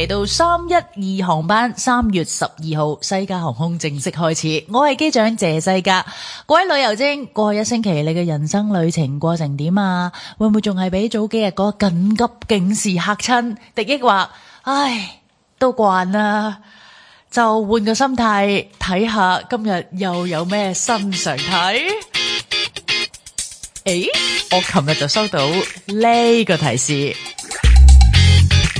嚟到三一二航班，三月十二號，西加航空正式開始。我係機長謝世格，各位旅遊精，過去一星期你嘅人生旅程過程點啊？會唔會仲係俾早幾日嗰緊急警示嚇親？亦或話唉都慣啦，就換個心態睇下今日又有咩新常態？誒、欸，我琴日就收到呢個提示。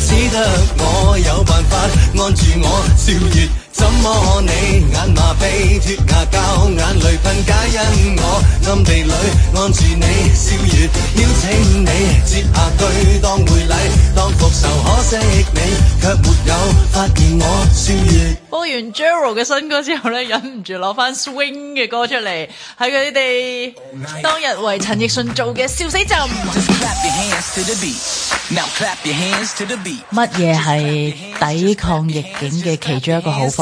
只得我有辦法按住我笑穴。怎麼你眼麻鼻脫牙膠眼淚噴？皆因我暗地裏按住你笑穴，邀請你接下句當回禮當復仇，可惜你卻沒有發現我笑穴。播完 Jerald 嘅新歌之後呢，忍唔住攞翻 Swing 嘅歌出嚟，喺佢哋當日為陳奕迅做嘅笑死朕。乜嘢係抵抗逆境嘅其中一個好方？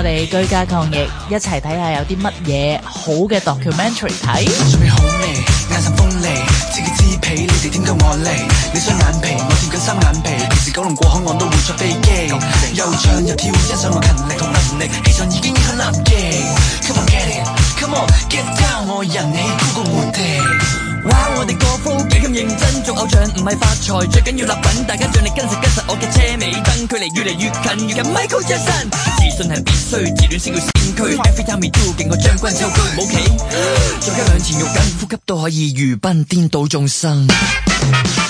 我哋居家抗疫，一齊睇下有啲乜嘢好嘅 documentary 睇。準備好未？眼神鋒利，自己知皮，你哋點夠我嚟？你雙眼皮，我貼緊三眼皮，平時九龍過海岸都會坐飛機。又唱又跳，欣賞我勤力同能力，氣場已經很難敵。Come on get it，come on get down，我人氣高過活地。哇！我哋歌風幾咁認真，做偶像唔係發財，最緊要立品，大家盡力跟實跟實我嘅車尾燈，距離越嚟越近，越近。Michael Jackson。自信係必須，自戀先叫先驅，Every time we do，勁過將軍周瑜。唔好企，再加 兩錢肉緊，呼吸都可以如奔，顛倒眾生。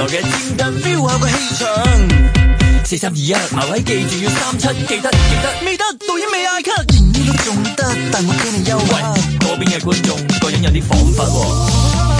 來嘅煙燻 feel 下個氣場，四三二一，埋位記住要三七，記得記得未得導演未嗌 cut 仍然都仲得，但我驚你優惠。嗰邊嘅觀眾個樣有啲彷彿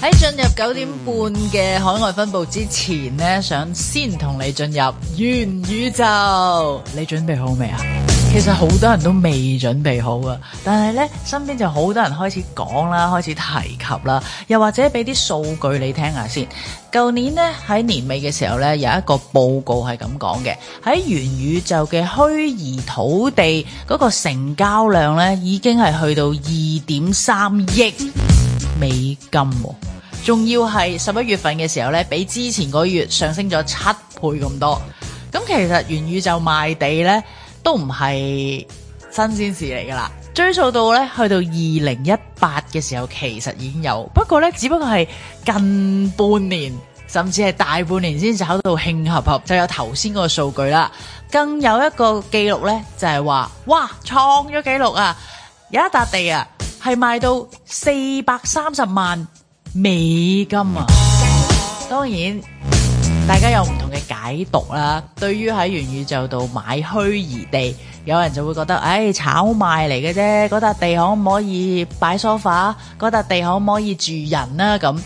喺進入九點半嘅海外分佈之前呢，想先同你進入元宇宙，你準備好未啊？其實好多人都未準備好啊，但係呢，身邊就好多人開始講啦，開始提及啦，又或者俾啲數據你聽下先。舊年呢，喺年尾嘅時候呢，有一個報告係咁講嘅，喺元宇宙嘅虛擬土地嗰個成交量呢，已經係去到二點三億。美金、哦，仲要係十一月份嘅時候咧，比之前嗰月上升咗七倍咁多。咁其實元宇宙賣地咧都唔係新鮮事嚟噶啦，追溯到咧去到二零一八嘅時候，其實已經有，不過咧只不過係近半年甚至係大半年先炒到興合合，就有頭先嗰個數據啦。更有一個記錄咧就係、是、話，哇，創咗紀錄啊，有一笪地啊！係賣到四百三十萬美金啊！當然，大家有唔同嘅解讀啦。對於喺元宇宙度買虛擬地，有人就會覺得，誒，炒賣嚟嘅啫。嗰笪地可唔可以擺梳化？嗰笪地可唔可以住人啦、啊？咁，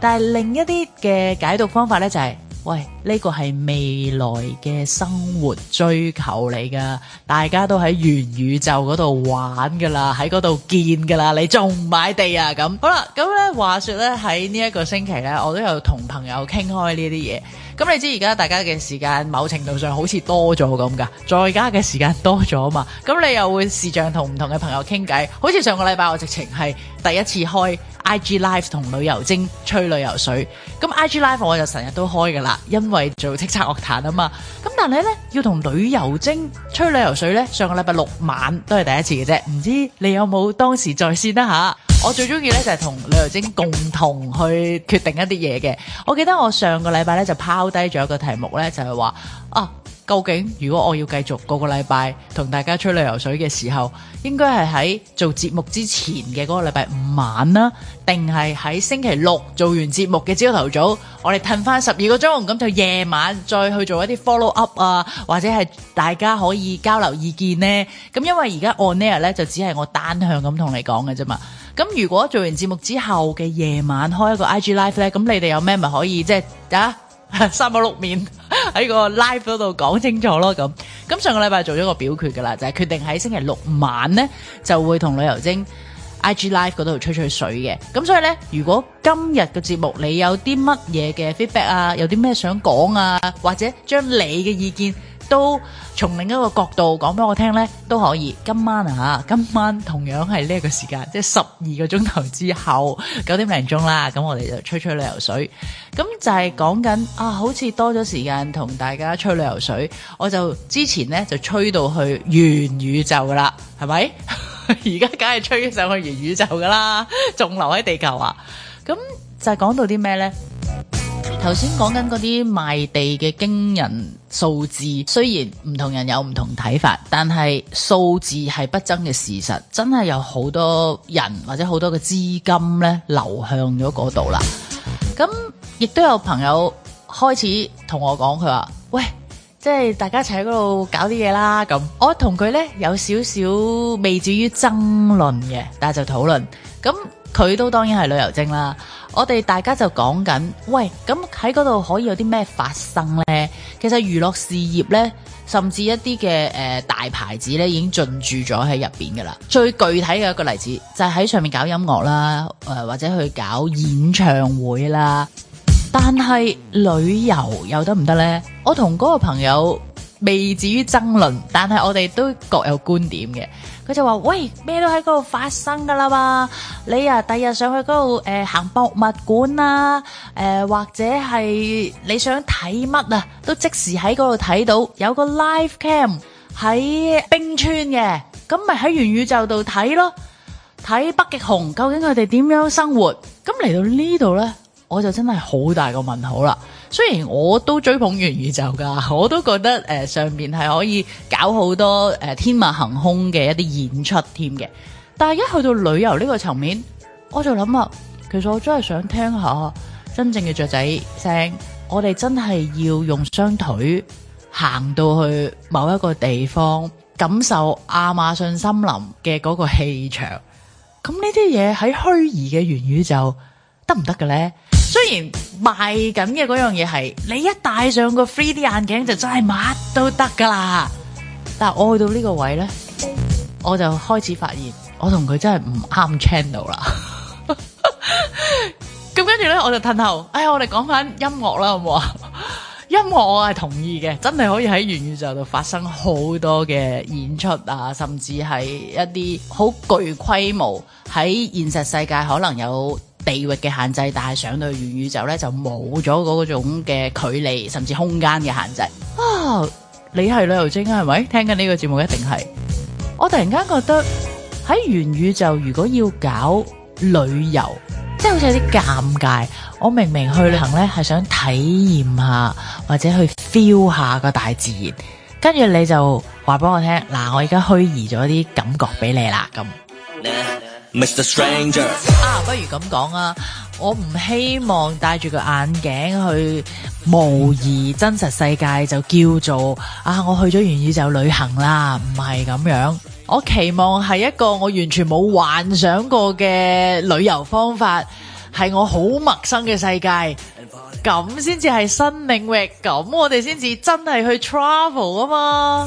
但係另一啲嘅解讀方法咧，就係、是。喂，呢個係未來嘅生活追求嚟噶，大家都喺元宇宙嗰度玩噶啦，喺嗰度見噶啦，你仲買地啊？咁好啦，咁咧，話說咧喺呢一個星期咧，我都有同朋友傾開呢啲嘢。咁你知而家大家嘅時間某程度上好似多咗咁噶，在家嘅時間多咗啊嘛，咁你又會視像同唔同嘅朋友傾偈，好似上個禮拜我直情係第一次開 IG live 同旅，旅，旅遊精吹旅遊水，咁 IG live 我就成日都開噶啦，因為做叱咤樂壇啊嘛，咁但係咧要同旅遊精吹旅遊水咧，上個禮拜六晚都係第一次嘅啫，唔知你有冇當時在線啊嚇？我最中意咧就係同旅遊精共同去決定一啲嘢嘅。我記得我上個禮拜咧就拋低咗一個題目咧，就係、是、話啊。究竟如果我要繼續個個禮拜同大家吹旅遊水嘅時候，應該係喺做節目之前嘅嗰個禮拜五晚啦，定係喺星期六做完節目嘅朝頭早，我哋褪翻,十二個鐘，咁就夜晚再去做一啲 follow up 啊，或者係大家可以交流意見呢？咁因為而家 on air 咧就只係我單向咁同你講嘅啫嘛。咁如果做完節目之後嘅夜晚開一個 IG Live 咧，咁你哋有咩咪可以即係啊？三個六面喺 個 live 嗰度講清楚咯咁，咁上個禮拜做咗個表決噶啦，就係、是、決定喺星期六晚咧就會同旅遊精 IG live 嗰度吹吹水嘅，咁所以咧如果今日嘅節目你有啲乜嘢嘅 feedback 啊，有啲咩想講啊，或者將你嘅意見。都從另一個角度講俾我聽呢都可以。今晚啊，今晚同樣係呢一個時間，即係十二個鐘頭之後，九點零鐘啦。咁我哋就吹吹旅遊水。咁就係講緊啊，好似多咗時間同大家吹旅遊水。我就之前呢，就吹到去元宇宙噶啦，係咪？而家梗係吹上去元宇宙噶啦，仲留喺地球啊？咁就係講到啲咩呢？頭先講緊嗰啲賣地嘅驚人。數字雖然唔同人有唔同睇法，但係數字係不爭嘅事實，真係有好多人或者好多嘅資金呢，流向咗嗰度啦。咁亦都有朋友開始同我講，佢話喂，即係大家一齊喺嗰度搞啲嘢啦。咁我同佢呢，有少少未至於爭論嘅，但係就討論咁。佢都當然係旅遊精啦，我哋大家就講緊，喂，咁喺嗰度可以有啲咩發生呢？其實娛樂事業呢，甚至一啲嘅誒大牌子呢，已經進駐咗喺入邊噶啦。最具體嘅一個例子就係喺上面搞音樂啦，誒或者去搞演唱會啦。但係旅遊又得唔得呢？我同嗰個朋友未至於爭論，但係我哋都各有觀點嘅。佢就話喂咩都喺嗰度發生噶啦嘛，你啊第日上去嗰度誒行博物館啊，誒、呃、或者係你想睇乜啊，都即時喺嗰度睇到，有個 live cam 喺冰川嘅，咁咪喺元宇宙度睇咯，睇北極熊究竟佢哋點樣生活，咁嚟到呢度咧。我就真係好大個問號啦。雖然我都追捧元宇宙噶，我都覺得誒、呃、上面係可以搞好多誒、呃、天馬行空嘅一啲演出添嘅。但係一去到旅遊呢個層面，我就諗啊，其實我真係想聽下真正嘅雀仔聲。我哋真係要用雙腿行到去某一個地方，感受亞馬遜森林嘅嗰個氣場。咁呢啲嘢喺虛擬嘅元宇宙得唔得嘅呢？雖然賣緊嘅嗰樣嘢係，你一戴上個 3D 眼鏡就真係乜都得噶啦。但係我去到呢個位咧，我就開始發現我同佢真係唔啱 channel 啦。咁跟住咧，我就褪後。哎我哋講翻音樂啦，好唔好啊？ 音樂我係同意嘅，真係可以喺元宇宙度發生好多嘅演出啊，甚至係一啲好巨規模喺現實世界可能有地域嘅限制，但係上到去元宇宙呢，就冇咗嗰種嘅距離，甚至空間嘅限制啊！你係旅遊精係咪？聽緊呢個節目一定係。我突然間覺得喺元宇宙如果要搞旅遊，即係好似有啲尷尬。我明明去旅行呢，係想體驗下或者去 feel 下個大自然，跟住你就話俾我聽，嗱我而家虛擬咗啲感覺俾你啦咁。啊，不如咁講啊，我唔希望戴住個眼鏡去模擬真實世界，就叫做啊，我去咗完宇宙旅行啦，唔係咁樣。我期望係一個我完全冇幻想過嘅旅遊方法。係我好陌生嘅世界，咁先至係新領域，咁我哋先至真係去 travel 啊嘛！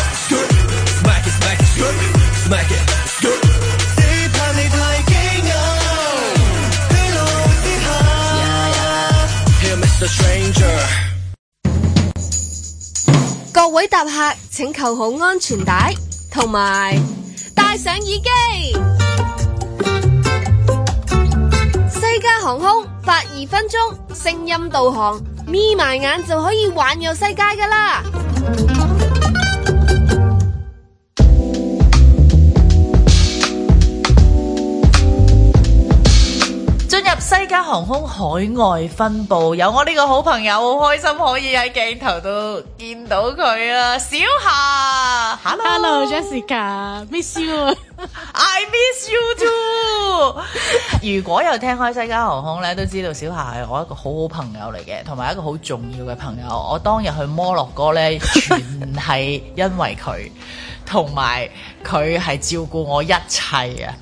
搭客，請扣好安全帶，同埋戴上耳機。 西加航空，八二分鐘，聲音導航，眯埋眼就可以環遊世界噶啦！西加航空海外分部有我呢個好朋友，好開心可以喺鏡頭度見到佢啊！小夏，Hello，Hello，Jessica，Miss you，I miss you too。 如果有聽開西加航空呢，都知道小夏係我一個好好朋友嚟嘅，同埋一個好重要嘅朋友。我當日去摩洛哥呢，全係因為佢，同埋佢係照顧我一切啊！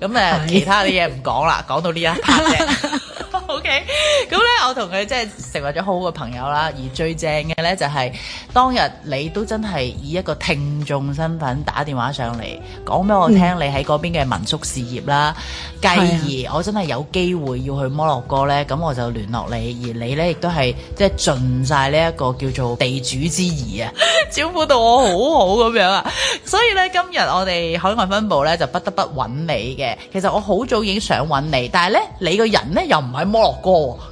咁誒，其他啲嘢唔講啦，講到呢一 part 啫。OK，咁。我同佢即係成為咗好好嘅朋友啦，而最正嘅咧就係、是、當日你都真係以一個聽眾身份打電話上嚟，講俾我聽你喺邊嘅民宿事業啦。繼、嗯、而我真係有機會要去摩洛哥咧，咁我就聯絡你，而你咧亦都係即係盡晒呢一個叫做地主之誼啊，招呼 到我好好咁 樣啊。所以咧今日我哋海外分部咧就不得不揾你嘅。其實我好早已經想揾你，但係咧你個人咧又唔係摩洛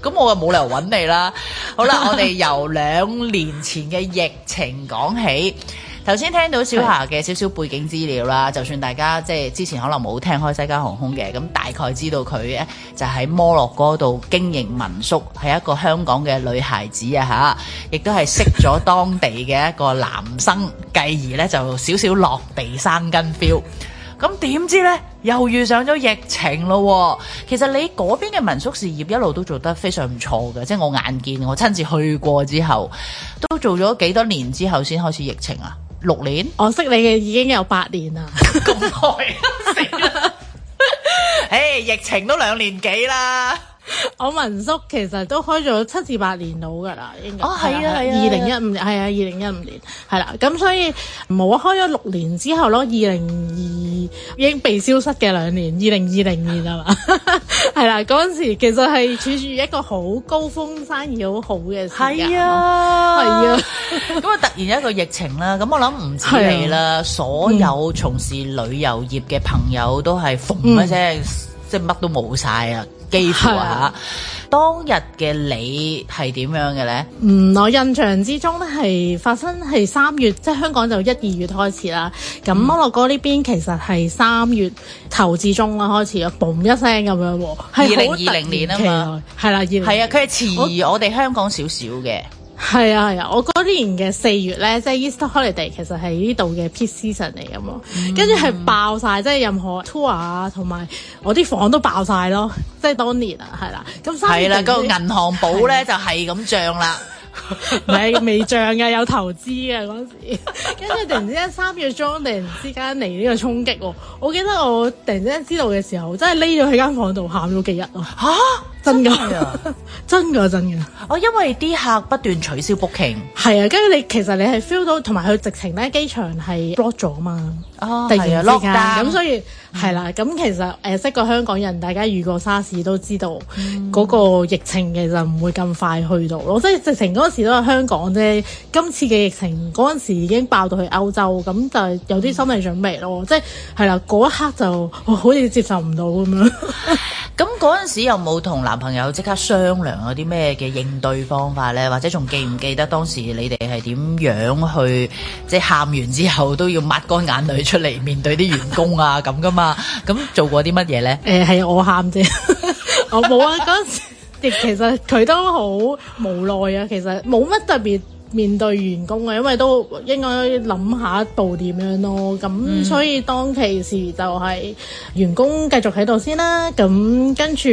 哥，咁我。冇理由揾你啦！好啦， 我哋由兩年前嘅疫情講起。頭先聽到小霞嘅少少背景資料啦，就算大家即係之前可能冇聽開西加航空嘅，咁大概知道佢呢就喺、是、摩洛哥度經營民宿，係一個香港嘅女孩子啊嚇，亦都係識咗當地嘅一個男生，繼而呢，就少少落地生根 feel。咁點知呢？又遇上咗疫情咯、哦，其實你嗰邊嘅民宿事業一路都做得非常唔錯嘅，即係我眼見我親自去過之後，都做咗幾多年之後先開始疫情啊，六年？我識你嘅已經有八年啦，咁 耐、啊，誒 hey, 疫情都兩年幾啦。我民宿其實都開咗七至八年老噶啦，應該哦係啊係啊，二零一五年係啊二零一五年係啦，咁所以冇啊，開咗六年之後咯，二零二二已經被消失嘅兩年，二零二零年係嘛係啦，嗰陣時其實係處住一個好高峰生意好好嘅時間，係啊係啊，咁啊突然一個疫情啦，咁我諗唔止你啦，所有從事旅遊業嘅朋友都係縫一聲，即係乜都冇晒啊。幾乎啊，當日嘅你係點樣嘅咧？嗯，我印象之中咧係發生係三月，即係香港就一二月開始啦。咁摩洛哥呢邊其實係三月頭至中啦開始，啊，嘣一聲咁樣喎。係二零二零年啊嘛，係啦，二零二零年係啊，佢係遲我哋香港少少嘅。係啊係啊，我嗰年嘅四月咧，即係 East Holiday，其實係呢度嘅 peak season 嚟㗎嘛，跟住係爆晒，即係任何 tour 啊，同埋我啲房都爆晒咯，即係當年啊，係啦，咁三年就係啦，嗰個銀行簿咧就係咁漲啦。係未漲嘅， 有投資嘅嗰時，跟 住突然之間三月中突然之間嚟呢個衝擊，我記得我突然之間知道嘅時候，真係匿咗喺間房度喊咗幾日咯。吓、啊，真噶， 真噶，真噶，哦，我因為啲客不斷取消 booking，係 啊，跟住你其實你係 feel 到，同埋佢直情咧機場係 block 咗啊嘛，哦，突然落間咁所以。係啦，咁、嗯嗯、其實誒識個香港人，大家遇過沙士都知道嗰、嗯、個疫情其實唔會咁快去到咯，即係直情嗰時都係香港啫。今次嘅疫情嗰陣時已經爆到去歐洲，咁就有啲心理準備咯。嗯、即係係啦，嗰一刻就好似接受唔到咁樣。咁嗰陣時有冇同男朋友即刻商量嗰啲咩嘅應對方法咧，或者仲記唔記得當時你哋係點樣去即係喊完之後都要抹乾眼淚出嚟面對啲員工啊咁噶嘛？ 咁、啊、做過啲乜嘢咧？誒、呃，係我喊啫， 我冇啊有。嗰陣 時其實佢都好無奈啊。其實冇乜特別面對員工啊，因為都應該諗下一步點樣咯。咁、嗯、所以當其時就係員工繼續喺度先啦。咁跟住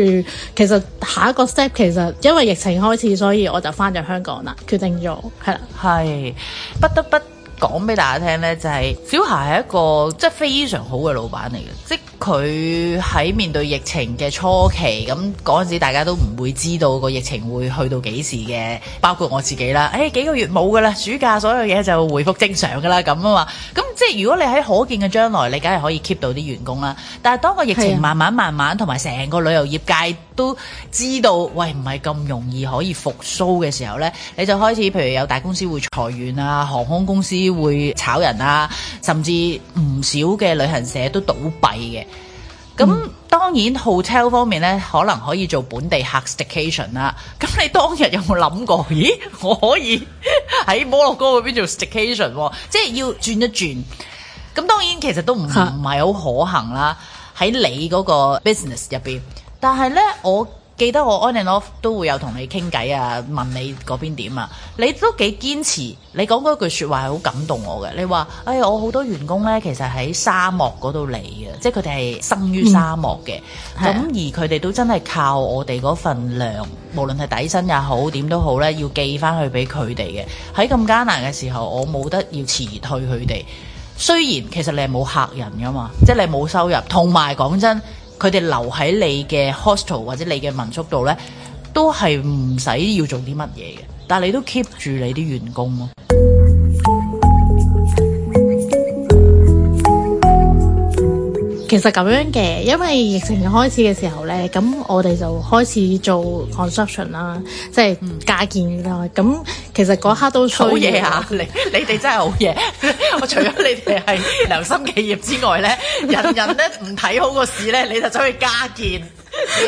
其實下一個 step 其實因為疫情開始，所以我就翻咗香港啦，決定咗係啦，係不得不。講俾大家聽呢，就係、是、小孩係一個即係非常好嘅老闆嚟嘅，即佢喺面對疫情嘅初期咁，嗰陣時大家都唔會知道個疫情會去到幾時嘅，包括我自己啦。誒、哎、幾個月冇㗎啦，暑假所有嘢就回復正常㗎啦，咁啊嘛，咁即係如果你喺可見嘅將來，你梗係可以 keep 到啲員工啦。但係當個疫情慢慢慢慢同埋成個旅遊業界都知道，喂唔係咁容易可以復甦嘅時候呢，你就開始譬如有大公司會裁員啊，航空公司。會炒人啊，甚至唔少嘅旅行社都倒閉嘅。咁、嗯、當然 hotel 方面咧，可能可以做本地客 station 啦。咁你當日有冇諗過？咦，我可以喺摩洛哥嗰邊做 station，即係要轉一轉。咁當然其實都唔唔係好可行啦。喺你嗰個 business 入邊，但係咧我。記得我 on and off 都會有同你傾偈啊，問你嗰邊點啊？你都幾堅持，你講嗰句説話係好感動我嘅。你話：哎，我好多員工呢，其實喺沙漠嗰度嚟嘅，即係佢哋係生於沙漠嘅。咁、嗯、而佢哋都真係靠我哋嗰份糧，無論係底薪也好，點都好呢，要寄翻去俾佢哋嘅。喺咁艱難嘅時候，我冇得要辭退佢哋。雖然其實你係冇客人噶嘛，即係你冇收入，同埋講真。佢哋留喺你嘅 hostel 或者你嘅民宿度咧，都係唔使要做啲乜嘢嘅，但係你都 keep 住你啲員工咯、哦。其實咁樣嘅，因為疫情開始嘅時候咧，咁我哋就開始做 construction 啦，即係加建啦。咁其實嗰刻都好嘢嚇，你你哋真係好嘢。 我除咗你哋係良心企業之外咧， 人人咧唔睇好個市咧，你就走去加建，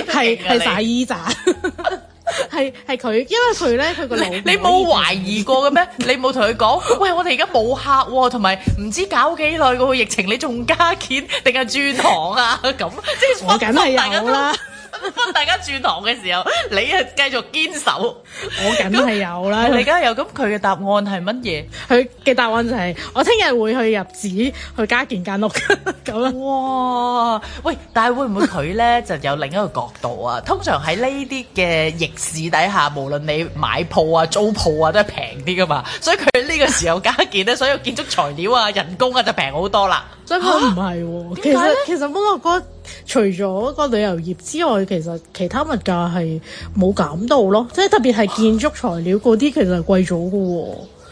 係係洗衣咋。 係係佢，因為佢咧佢個腦你冇懷疑過嘅咩？ 你冇同佢講，喂，我哋而家冇客，同埋唔知搞幾耐個疫情，你仲加建定係轉行啊？咁即係我梗係有啦。 大家轉堂嘅時候，你係繼續堅守，我梗係有啦。 你梗係有，咁佢嘅答案係乜嘢？佢嘅答案就係、是、 我聽日會去入紙去加建間屋咁啦。 哇！喂，但係會唔會佢呢？就有另一個角度啊？ 通常喺呢啲嘅逆市底下，無論你買鋪啊、租鋪啊，都係平啲噶嘛。所以佢呢個時候加建呢 所有建築材料啊、人工啊就平好多啦。所以佢唔係喎？其實其實，除咗個旅遊業之外，其實其他物價係冇減到咯，即係特別係建築材料嗰啲，其實係貴咗㗎喎。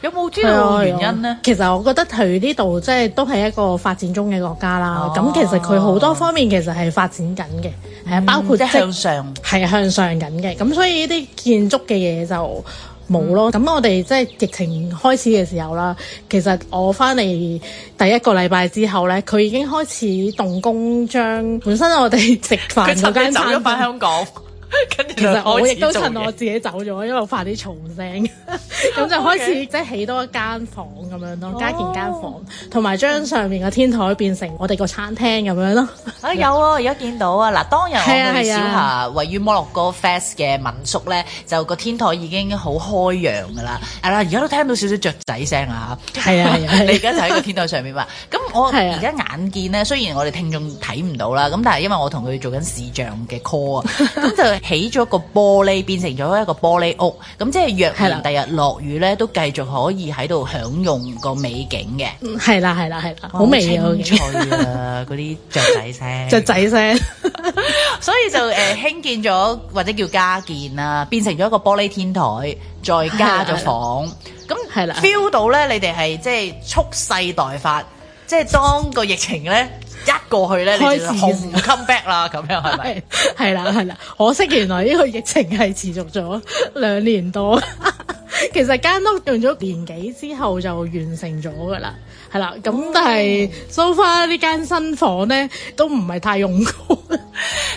有冇知道原因咧？其實我覺得佢呢度即係都係一個發展中嘅國家啦。咁、哦、其實佢好多方面其實係發展緊嘅，係啊、嗯，包括即係向上係向上緊嘅。咁所以呢啲建築嘅嘢就。冇咯，咁、嗯、我哋即係疫情開始嘅時候啦，其實我翻嚟第一個禮拜之後咧，佢已經開始動工將本身我哋食飯嗰間餐廳。 其實我亦都趁我自己走咗，因為我發啲嘈聲，咁就開始即係起多一間房咁樣咯，oh. 加建間房，同埋將上面個天台變成我哋個餐廳咁樣咯。啊 有啊，而家見到啊，嗱，當日我哋小下、啊啊、位於摩洛哥 Fes 嘅民宿咧，就個天台已經好開揚噶啦。係、啊、啦，而家都聽到少少雀仔聲啊嚇。係啊，啊啊 你而家就喺個天台上面嘛。咁 我而家眼見咧，雖然我哋聽眾睇唔到啦，咁但係因為我同佢做緊視像嘅 call 啊，咁就。起咗個玻璃，變成咗一個玻璃屋，咁即係若然第日落雨咧，都繼續可以喺度享用個美景嘅。係啦，係啦，係啦，好味啊！好清脆啊，嗰啲 雀仔聲，雀仔聲， 所以就誒、呃、興建咗或者叫加建啊，變成咗一個玻璃天台，再加咗房。咁係啦，feel 到咧，你哋係即係蓄勢待發。即係當個疫情咧一過去咧，開始嘅時候你就好 come back 啦，咁 樣係咪？係啦，係啦，可惜原來呢個疫情係持續咗兩年多， 其實間屋用咗年幾之後就完成咗噶啦。係啦，咁、嗯、但係 so far 呢間新房咧都唔係太用過。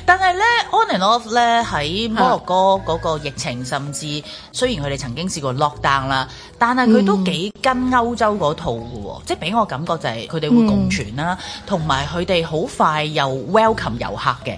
但係咧，on and off 咧喺摩洛哥嗰個疫情，啊、甚至雖然佢哋曾經試過 lockdown 啦，但係佢都幾跟歐洲嗰套嘅喎，嗯、即係俾我感覺就係佢哋會共存啦，同埋佢哋好快又 welcome 遊客嘅。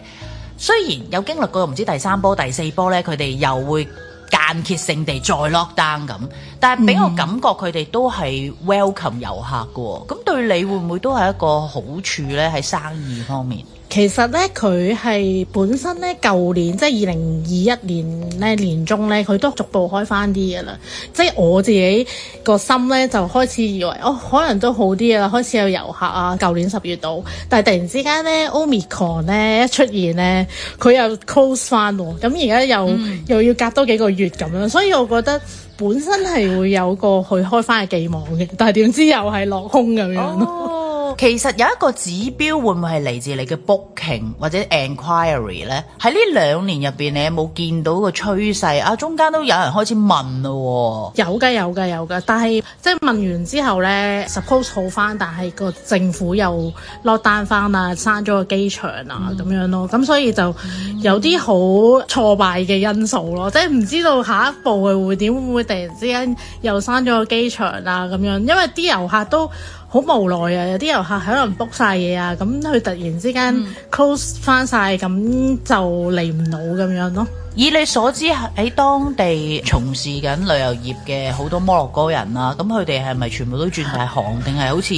雖然有經歷過唔知第三波第四波咧，佢哋又會。間歇性地再 lock down 咁，但係俾我感覺佢哋、嗯、都係 welcome 遊客嘅喎，咁對你會唔會都係一個好處呢？喺生意方面。其實咧，佢係本身咧，舊年即係二零二一年咧年中咧，佢都逐步開翻啲嘅啦。即係我自己個心咧，就開始以為哦，可能都好啲嘅啦，開始有遊客啊。舊年十月到，但係突然之間咧，Omicron 咧一出現咧，佢又 close 翻喎。咁而家又、嗯、又要隔多幾個月咁樣，所以我覺得本身係會有個去開翻嘅寄望嘅，但係點知又係落空咁樣。哦。其實有一個指標會唔會係嚟自你嘅 booking 或者 enquiry 呢？喺呢兩年入邊，你有冇見到個趨勢？啊，中間都有人開始問咯喎、哦。有嘅，有嘅，有嘅。但係即係問完之後呢 suppose 好翻，但係個政府又落單翻啦，閂咗個機場啊咁樣咯。咁、嗯、所以就有啲好挫敗嘅因素咯。即係唔知道下一步佢會點，會唔會突然之間又閂咗個機場啊咁樣？因為啲遊客都。好無奈啊！有啲遊客可能 book 晒嘢啊，咁佢、嗯、突然之間 close 翻晒，咁、嗯、就嚟唔到咁樣咯。以你所知喺當地從事緊旅遊業嘅好多摩洛哥人啊，咁佢哋係咪全部都轉大行，定係好似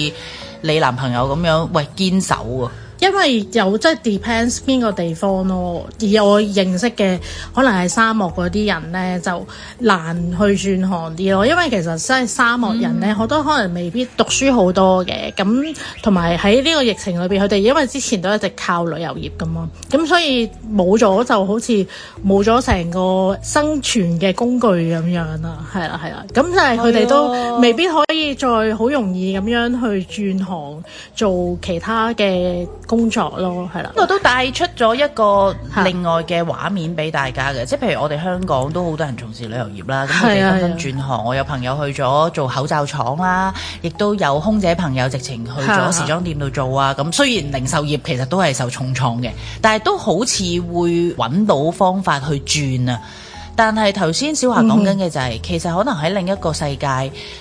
你男朋友咁樣喂堅守啊？因為有即係、就是、depends 邊個地方咯，而我認識嘅可能係沙漠嗰啲人呢，就難去轉行啲咯。因為其實真係沙漠人呢，好多、嗯、可能未必讀書好多嘅，咁同埋喺呢個疫情裏邊，佢哋因為之前都一直靠旅遊業㗎嘛，咁所以冇咗就好似冇咗成個生存嘅工具咁樣啦，係啦係啦，咁就係佢哋都未必可以再好容易咁樣去轉行做其他嘅工作咯，係啦，都 帶出咗一個另外嘅畫面俾大家嘅，即係譬如我哋香港都好多人從事旅遊業啦，咁我哋紛紛轉行，我有朋友去咗做口罩廠啦，亦都有空姐朋友直情去咗時裝店度做啊，咁的雖然零售業其實都係受重創嘅，但係都好似會揾到方法去轉啊。但係頭先小華講緊嘅就係、是，嗯、哼其實可能喺另一個世界，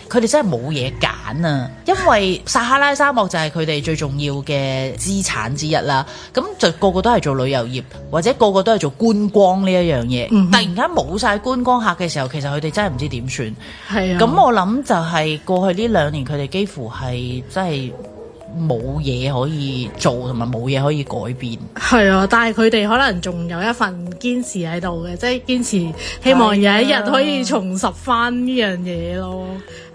佢哋真係冇嘢揀啊！因為撒哈拉沙漠就係佢哋最重要嘅資產之一啦。咁就個個都係做旅遊業，或者個個都係做觀光呢一樣嘢。嗯、哼突然間冇晒觀光客嘅時候，其實佢哋真係唔知點算。係啊，咁我諗就係過去呢兩年，佢哋幾乎係真係。冇嘢可以做，同埋冇嘢可以改變。係啊，但係佢哋可能仲有一份堅持喺度嘅，即係堅持希望有一日可以重拾翻呢樣嘢咯。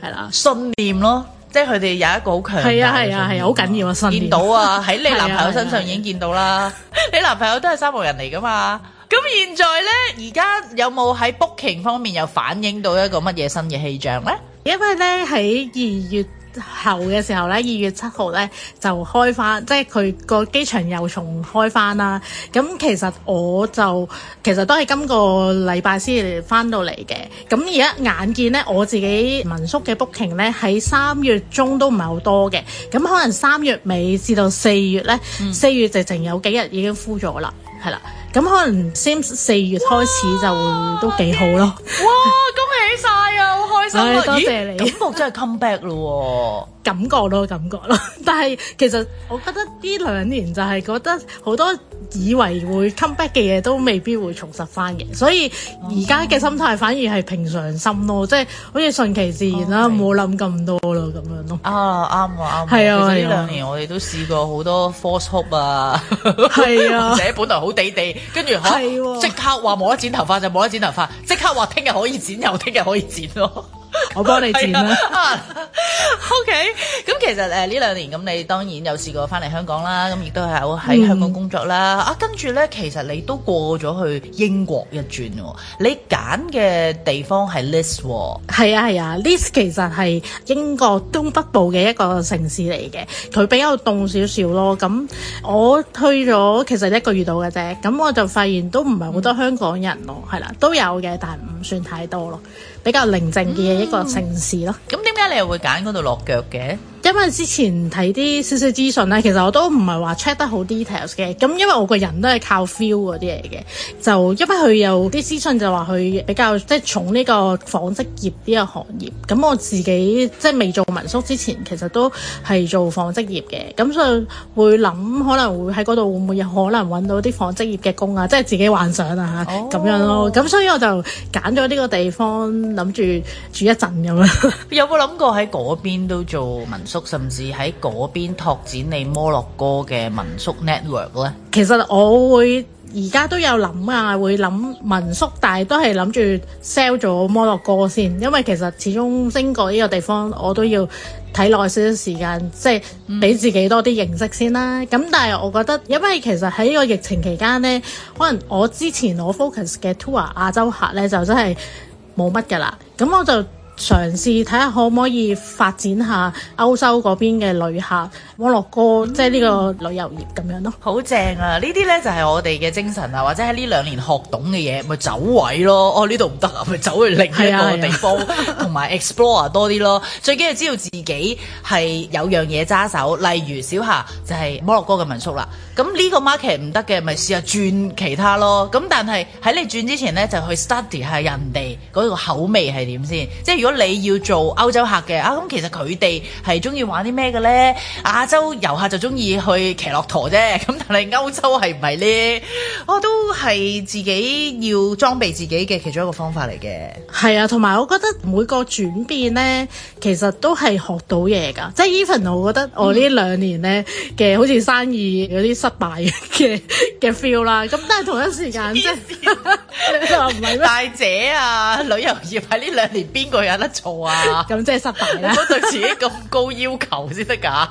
係啦、啊，信念咯，即係佢哋有一個好強信念。係啊，係啊，係好緊要啊！信念。 見到啊，喺你男朋友身上已經見到啦。啊啊啊、 你男朋友都係沙漠人嚟㗎嘛？咁現在呢，而家有冇喺 Booking 方面又反映到一個乜嘢新嘅氣象呢？因為呢，喺二月。後嘅時候呢，二月七號呢就開翻，即係佢個機場又重開翻啦。咁其實我就其實都係今個禮拜先翻到嚟嘅。咁而家眼見呢，我自己民宿嘅 booking 呢喺三月中都唔係好多嘅。咁可能三月尾至到四月呢，嗯，四月直情有幾日已經枯咗啦，係啦。咁可能四月開始哇就都幾好咯！哇，恭喜曬啊， 好開心啊！多謝你，咁咦咦我真係 come back 嘞喎！感覺咯，感覺咯。但係其實我覺得呢兩年就係覺得好多以為會 come back 嘅嘢都未必會重拾翻嘅，所以而家嘅心態反而係平常心咯，即係好似順其自然啦，冇諗咁多啦咁樣咯。啊，啱啊，啱。係啊，其實呢兩年我哋都試過好多 false hope 啊，係 啊， 而且本來好地地，跟住即刻話冇得剪頭髮就冇得剪頭髮，即刻話聽日可以剪又聽日可，可以剪咯。 我幫你剪啦。OK，咁其實誒呢、呃、兩年咁，你當然有試過翻嚟香港啦，咁亦都係有喺香港工作啦。嗯、啊，跟住咧，其實你都過咗去英國一轉、哦，你揀嘅地方係 Leeds、哦。係啊係啊，Leeds 其實係英國東北部嘅一個城市嚟嘅，佢比較凍少少咯。咁我去咗其實一個月到嘅啫，咁我就發現都唔係好多香港人咯，係啦、啊，都有嘅，但係唔算太多咯。比較寧靜嘅一個城市囉，咁點解你又會揀嗰度落腳嘅？因為之前睇啲少少資訊咧，其實我都唔係話 check 得好 details 嘅。咁因為我個人都係靠 feel 啲嘢嘅，就因為佢有啲資訊就話佢比較即係從呢個紡織業呢個行業，咁我自己即係未做民宿之前，其實都係做紡織業嘅。咁所以會諗可能會喺度會唔會有可能揾到啲紡織業嘅工啊？即係自己幻想啊嚇咁，哦，樣咯。咁所以我就揀咗呢個地方諗住住一陣咁樣， 有冇諗過喺嗰邊都做民宿？甚至喺嗰邊拓展你摩洛哥嘅民宿 network 咧，其實我會而家都有諗啊，會諗民宿，但係都係諗住 sell 咗摩洛哥先，因為其實始終經過呢個地方，我都要睇耐少少時間，即係俾自己多啲認識先啦。咁、嗯、但係我覺得，因為其實喺呢個疫情期間咧，可能我之前我 focus 嘅 tour 亞洲客咧，就真係冇乜噶啦。咁我就。嘗試睇下可唔可以發展下歐洲嗰邊嘅旅客，摩洛哥即係呢個旅遊業咁樣咯。好正，嗯，啊！呢啲呢，就係我哋嘅精神啊，或者喺呢兩年學懂嘅嘢，咪走位咯。哦，呢度唔得啊，咪走去另一個地方，同埋 explore 多啲咯。最緊要知道自己係有樣嘢揸手，例如小夏就係摩洛哥嘅民宿啦。咁呢個 market 唔得嘅，咪試下轉其他咯。咁但係喺你轉之前咧，就去 study 下人哋個口味係點先。即係如果你要做歐洲客嘅，啊咁、嗯、其實佢哋係中意玩啲咩嘅咧？亞洲遊客就中意去騎駱駝啫。咁但係歐洲係唔係咧？我、啊、都係自己要裝備自己嘅其中一個方法嚟嘅。係啊，同埋我覺得每個轉變咧，其實都係學到嘢㗎。即係 even 我覺得我呢兩年咧嘅、嗯、好似生意有啲。失敗嘅嘅 feel 啦，咁都係同一時間，即係你話唔係咩？大姐啊，旅遊業喺呢兩年邊個有得做啊？咁即係失敗咧。唔對自己咁高要求先得㗎。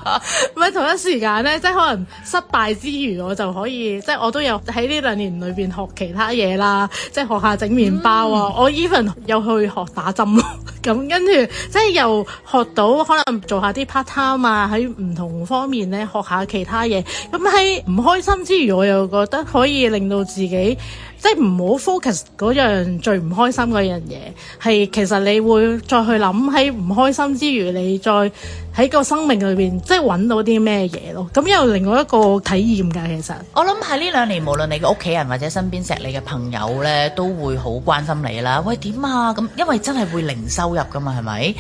唔係同一時間咧，即係可能失敗之餘，我就可以即係 我都有喺呢兩年裏邊學其他嘢啦，即係學下整麵包啊。嗯、我 even 又去學打針，咁 跟住即係又學到可能做下啲 part time 啊，喺唔同方面咧學下其他嘢。咁喺唔開心之餘，我又覺得可以令到自己。即係唔好 focus 嗰樣最唔開心嗰樣嘢。係其實你會再去諗，喺唔開心之餘，你再喺個生命裏邊即係揾到啲咩嘢咯，咁又另外一個體驗噶。其實我諗喺呢兩年，無論你嘅屋企人，或者身邊錫你嘅朋友咧，都會好關心你啦。喂，點啊？咁因為真係會零收入噶嘛，係咪？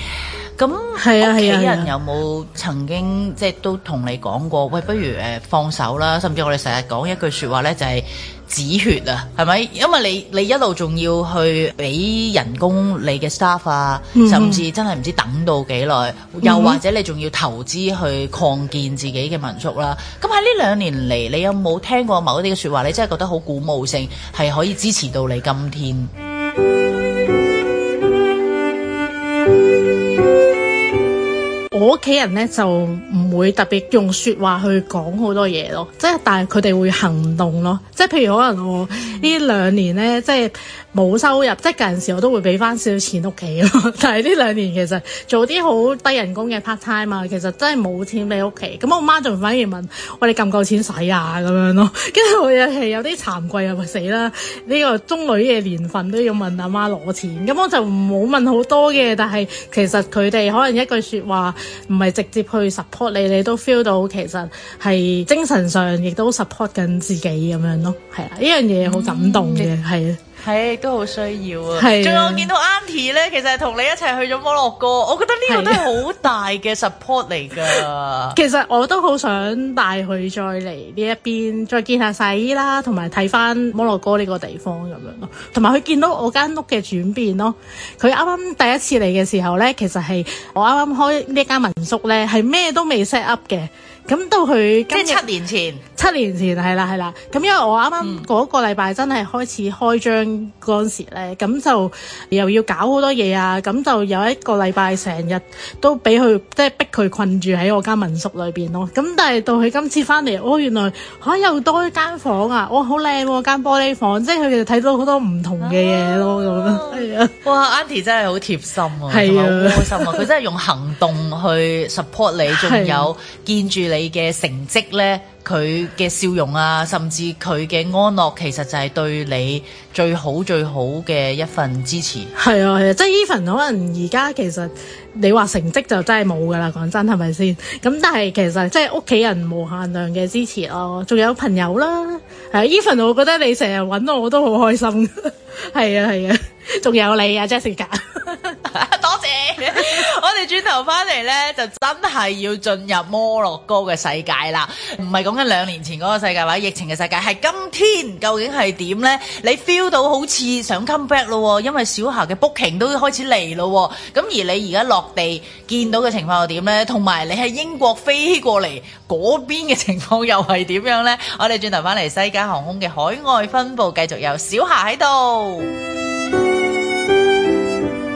咁屋企人有冇曾經、係啊、係啊、即係都同你講過？喂，不如誒放手啦！甚至我哋成日講一句說話咧，就係，就係。止血啊，係咪？因為你你一路仲要去俾人工你嘅 staff 啊，mm hmm. 甚至真係唔知等到幾耐，又或者你仲要投資去擴建自己嘅民宿啦。咁喺呢兩年嚟，你有冇聽過某啲嘅説話？你真係覺得好鼓舞性，係可以支持到你今天。Mm hmm. 我屋企人咧就唔會特別用説話去講好多嘢咯，即係，但係佢哋會行動咯，即係譬如可能我、嗯、兩呢兩年咧，即係。冇收入，即係嗰陣時我都會俾翻少少錢屋企咯。但係呢兩年其實做啲好低人工嘅 part time 啊，其實真係冇錢俾屋企。咁我媽就反而問我哋夠唔夠錢使啊咁樣咯。跟住我又係有啲慚愧啊，咪死啦！呢個中女嘅年份都要問阿媽攞錢。咁我就冇問好多嘅，但係其實佢哋可能一句説話唔係直接去 support 你，你都 feel 到其實係精神上亦都 support 緊自己咁樣咯。係啊，呢樣嘢好感動嘅，係、嗯。係、哎、都好需要啊！仲的有我見到 Auntie 咧，其實係同你一齊去咗摩洛哥，我覺得呢個都係好大嘅 support 嚟㗎。是的 其實我都好想帶佢再嚟呢一邊，再見下細姨啦，同埋睇翻摩洛哥呢個地方咁樣咯。同埋佢見到我間屋嘅轉變咯。佢啱啱第一次嚟嘅時候咧，其實係我啱啱開呢間民宿咧，係咩都未 set up 嘅。咁到佢即係七年前，七年前係啦係啦。咁因為我啱啱嗰個禮拜真係開始開張陣時咧，咁、嗯、就又要搞好多嘢啊。咁就有一個禮拜成日都俾佢即係逼佢困住喺我間民宿裏邊咯。咁但係到佢今次翻嚟，哦，原來吓又、啊、多一間房啊！哇、哦，好靚喎，間玻璃房，即係佢哋睇到好多唔同嘅嘢咯。咁樣係啊！哇，aunty 真係好貼心啊，好開、啊、心啊！佢真係用行動去 support 你，仲、啊、有見住、啊。你嘅成績咧，佢嘅笑容啊，甚至佢嘅安樂，其實就係對你最好最好嘅一份支持。係啊，係啊，即係 Even 可能而家其實你話成績就真係冇㗎喇，講真係咪先？咁但係其實即係屋企人無限量嘅支持咯，仲、哦、有朋友啦。誒，Even、啊、我覺得你成日揾我，我都好開心，係 啊，係啊。仲有你啊 j e 格，Jessica、 多謝。我哋轉頭翻嚟呢，就真係要進入摩洛哥嘅世界啦。唔係講緊兩年前嗰個世界，或者疫情嘅世界，係今天究竟係點呢？你 feel 到好似想 come back 咯，因為小霞嘅 booking 都開始嚟咯。咁而你而家落地見到嘅情況又點呢？同埋你喺英國飛過嚟嗰邊嘅情況又係點樣呢？我哋轉頭翻嚟西加航空嘅海外分部，繼續由小霞喺度。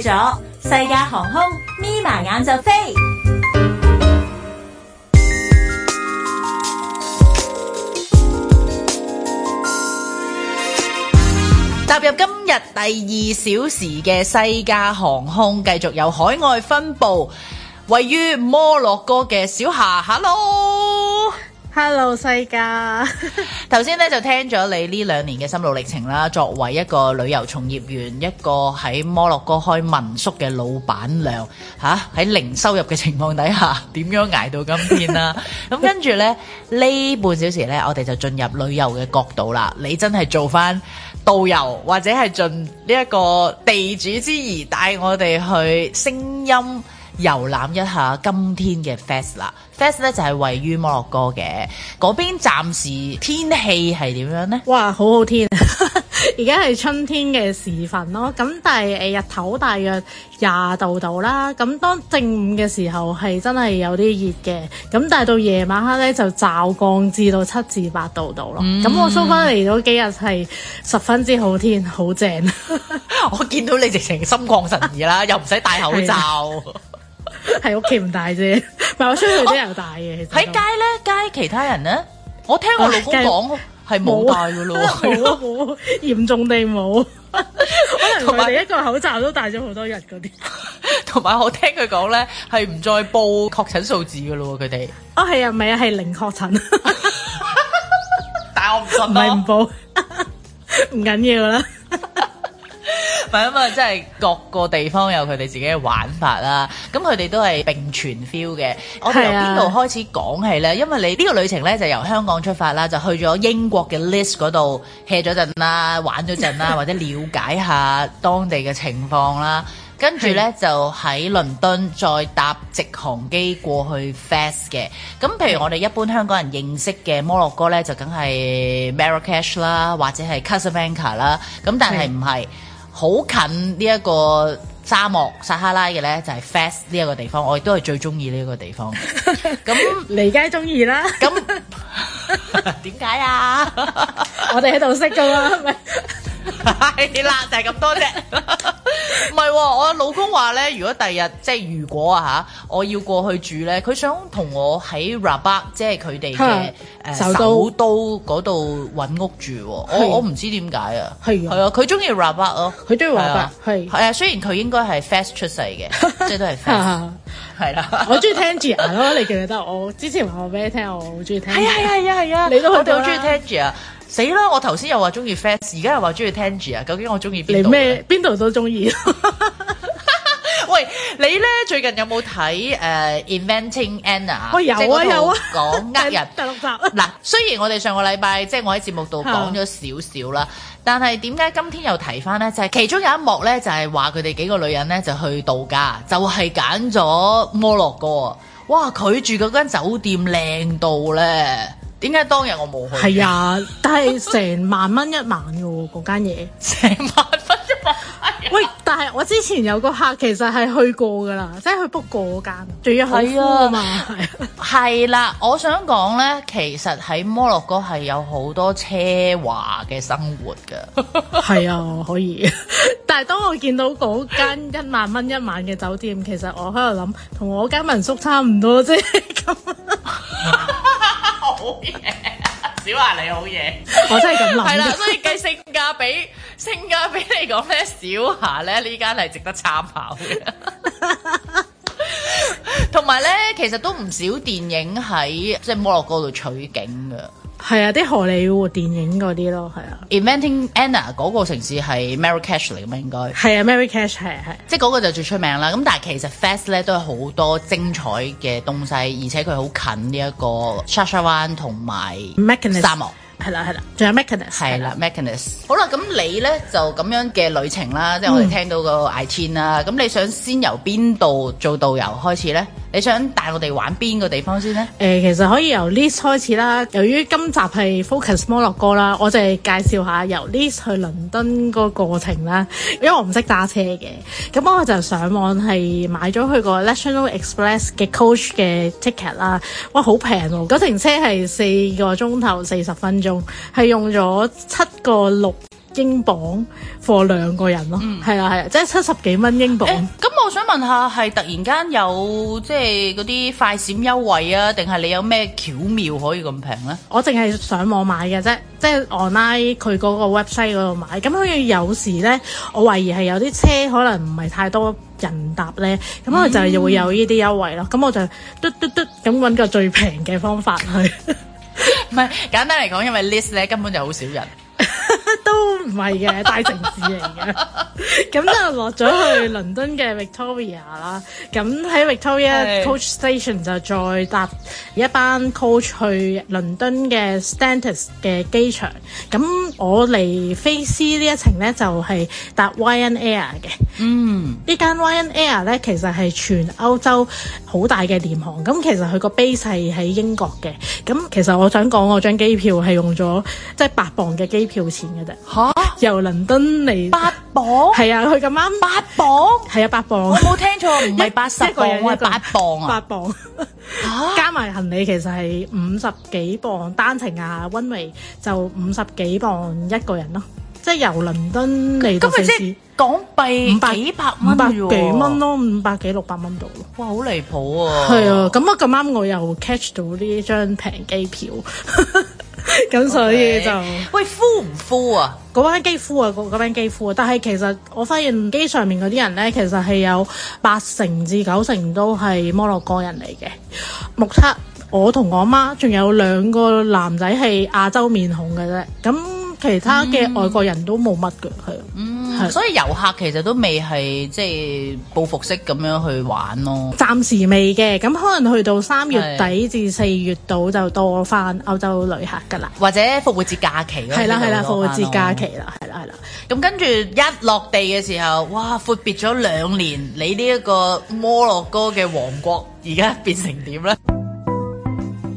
去咗西加航空，眯埋眼就飛。踏入今日第二小時嘅西加航空，繼續由海外分部位於摩洛哥嘅小霞，Hello。Hello 世界，頭先咧就聽咗你呢兩年嘅心路歷程啦。作為一個旅遊從業員，一個喺摩洛哥開民宿嘅老闆娘，吓、啊、喺零收入嘅情況底下，點樣捱到今天啦？咁、 嗯、跟住呢，呢 半小時呢，我哋就進入旅遊嘅角度啦。你真係做翻導遊，或者係盡呢一個地主之誼，帶我哋去聲音，遊覽一下今天嘅 Fes 啦，Fes 咧就係、是、位於摩洛哥嘅嗰邊，暫時天氣係點樣呢？哇，好好天、啊，而家係春天嘅時分咯。咁但係誒日頭大約廿度度啦。咁當正午嘅時候係真係有啲熱嘅。咁但係到夜晚黑咧就驟降至到七至八度度咯。咁、嗯、我收翻嚟嗰幾日係十分之好天，好正、啊。 我見到你直情心曠神怡啦，又唔使戴口罩。 係屋企唔戴啫，唔係 我出去都有戴嘅。喺、哦、街咧，街其他人咧， 我聽我老公講係冇戴噶咯，好、 啊，嚴 重地冇， 可能佢哋一個口罩都戴咗好多日嗰啲。同 埋我聽佢講咧，係唔再報確診數字噶咯，佢哋。哦係啊，唔係啊，係零確診。 但係我唔信唔係唔報，唔 緊要啦。 係啊嘛，即係各個地方有佢哋自己嘅玩法啦。咁佢哋都係並存 feel 嘅。我哋由邊度開始講起咧？因為你呢個旅程咧就由香港出發啦，就去咗英國嘅 List 嗰度 hea 咗陣啦，玩咗陣啦，或者了解下當地嘅情況啦。跟住咧就喺倫敦再搭直航機過去 Fast 嘅。咁譬如我哋一般香港人認識嘅摩洛哥咧，就梗係 Marrakech 啦，或者係 Casablanca 啦。咁但係唔係？好近呢一個沙漠撒哈拉嘅咧，就係 Fast 呢一個地方，我亦都係最中意呢一個地方。咁你梗係中意啦。咁點解啊？我哋喺度識噶喎，係咪？係啦，就係咁多啫。唔係，我老公話咧，如果第日即係如果啊吓，我要過去住咧，佢想同我喺拉巴，即係佢哋嘅誒首都嗰度搵屋住。我我唔知點解啊。係。係啊，佢中意拉巴咯，佢中意拉巴。係。係啊，雖然佢應該係法斯出世嘅，即係都係法。係啦。我中意聽 Gia 咯，你記唔記得？我之前話我俾你聽，我好中意聽。係啊係啊係啊係啊，你都我哋都中意聽 Gia。死啦！我頭先又話中意 Fes 而家又話中意 Tangier 啊。究竟我中意邊度？咩？邊度都中意。 喂，你咧最近有冇睇誒、uh, Inventing Anna？我有啊那有啊，講呃人 第六集。嗱， 雖然我哋上個禮拜即係我喺節目度講咗、啊、少少啦，但係點解今天又提翻咧？就係、是、其中有一幕咧，就係話佢哋幾個女人咧就去度假，就係揀咗摩洛哥。哇！佢住嗰間酒店靚到咧～點解當日我冇去？係啊，但係成萬蚊一晚嘅喎、啊，嗰間嘢成 萬蚊一晚。喂，但係我之前有個客其實係去過嘅啦，即係去 book 過間。仲要係啊嘛，係啦、啊 啊。我想講咧，其實喺摩洛哥係有好多奢華嘅生活嘅。係啊，可以。 但係當我見到嗰間一萬蚊一晚嘅酒店，其實我喺度諗，同我間民宿差唔多啫。即係咁 好嘢， 小華你好嘢， 我真係咁諗。係啦，所以計性價比，性價比嚟講咧，小華咧呢間係值得參考嘅。同埋咧，其實都唔少電影喺即係摩洛哥度取景噶。係啊，啲荷里活電影嗰啲咯，係啊。Inventing Anna 嗰個城市係 Marrakech 嚟嘅嘛，應該係啊 Marrakech 係係，ash, 即係嗰個就最出名啦。咁但係其實 Fast 咧都係好多精彩嘅東西，而且佢好近呢一個沙沙灣同埋 m c i n 沙漠。係啦，係啦，仲有 Mechanist 的。係啦，Mechanist。Me chan 好啦，咁你咧就咁樣嘅旅程啦，即係、嗯、我哋聽到個 Itin 啦。咁你想先由邊度做導遊開始咧？你想帶我哋玩邊個地方先咧？誒、呃、其實可以由 Leeds 開始啦。由於今集係 Focus 摩洛哥啦，我就係介紹下由 Leeds 去倫敦個過程啦。因為我唔識揸車嘅，咁我就上網係買咗佢個 National Express 嘅 Coach 嘅 Ticket 啦。哇，好平喎！嗰程車係四個鐘頭四十分鐘。係用咗七個六英鎊，貨兩個人咯。係啊係啊，即係七十幾蚊英鎊。咁我想問下，係突然間有即係嗰啲快閃優惠啊，定係你有咩巧妙可以咁平呢？我淨係上網買嘅啫，即係 online 佢嗰個 website 嗰度買。咁佢有時呢，我懷疑係有啲車可能唔係太多人搭呢，咁我就又會有呢啲優惠咯。咁我就嘟嘟嘟咁搵個最平嘅方法去。嗯 唔係 簡單嚟講，因為 list 咧根本就好少人 都。唔係嘅， 大城市嚟嘅。咁 就落咗去倫敦嘅 Victoria 啦。咁 喺 Victoria Coach Station 就再搭一班 Coach 去倫敦嘅 Stansted 嘅機場，咁我嚟菲斯呢一程咧，就係、是、搭 Ryanair 嘅。嗯，呢間 Ryanair 咧，其實係全歐洲好大嘅廉航。咁其實佢個 base 係喺英國嘅。咁其實我想講我張機票係用咗即係八磅嘅機票錢嘅啫。嚇！Huh? 由倫敦嚟八磅，係啊，佢咁啱八磅，係啊，八磅。我冇聽錯，唔係八十磅，係八磅啊，八磅。加埋行李其實係五十幾磅，單程啊，溫妮就五十幾磅一個人咯，即係由倫敦嚟到菲斯港幣五百幾百蚊喎，幾蚊咯，五百幾六百蚊度咯。哇，好離譜啊！係啊，咁啊咁啱，我又 catch 到呢張平機票。咁 所以就喂敷唔敷啊？嗰班肌膚啊，嗰班肌膚啊。但係其實我發現機上面嗰啲人咧，其實係有八成至九成都係摩洛哥人嚟嘅。目測我同我媽仲有兩個男仔係亞洲面孔嘅啫。咁其他嘅外國人都冇乜嘅係。嗯嗯、所以遊客其實都未係即係報復式咁樣去玩咯，暫時未嘅。咁可能去到三月底至四月度就多返歐洲旅客噶啦，或者復活節假期。係啦係啦，復活節假期啦，係啦係啦。咁跟住一落地嘅時候，哇！闊別咗兩年，你呢一個摩洛哥嘅王國而家變成點咧？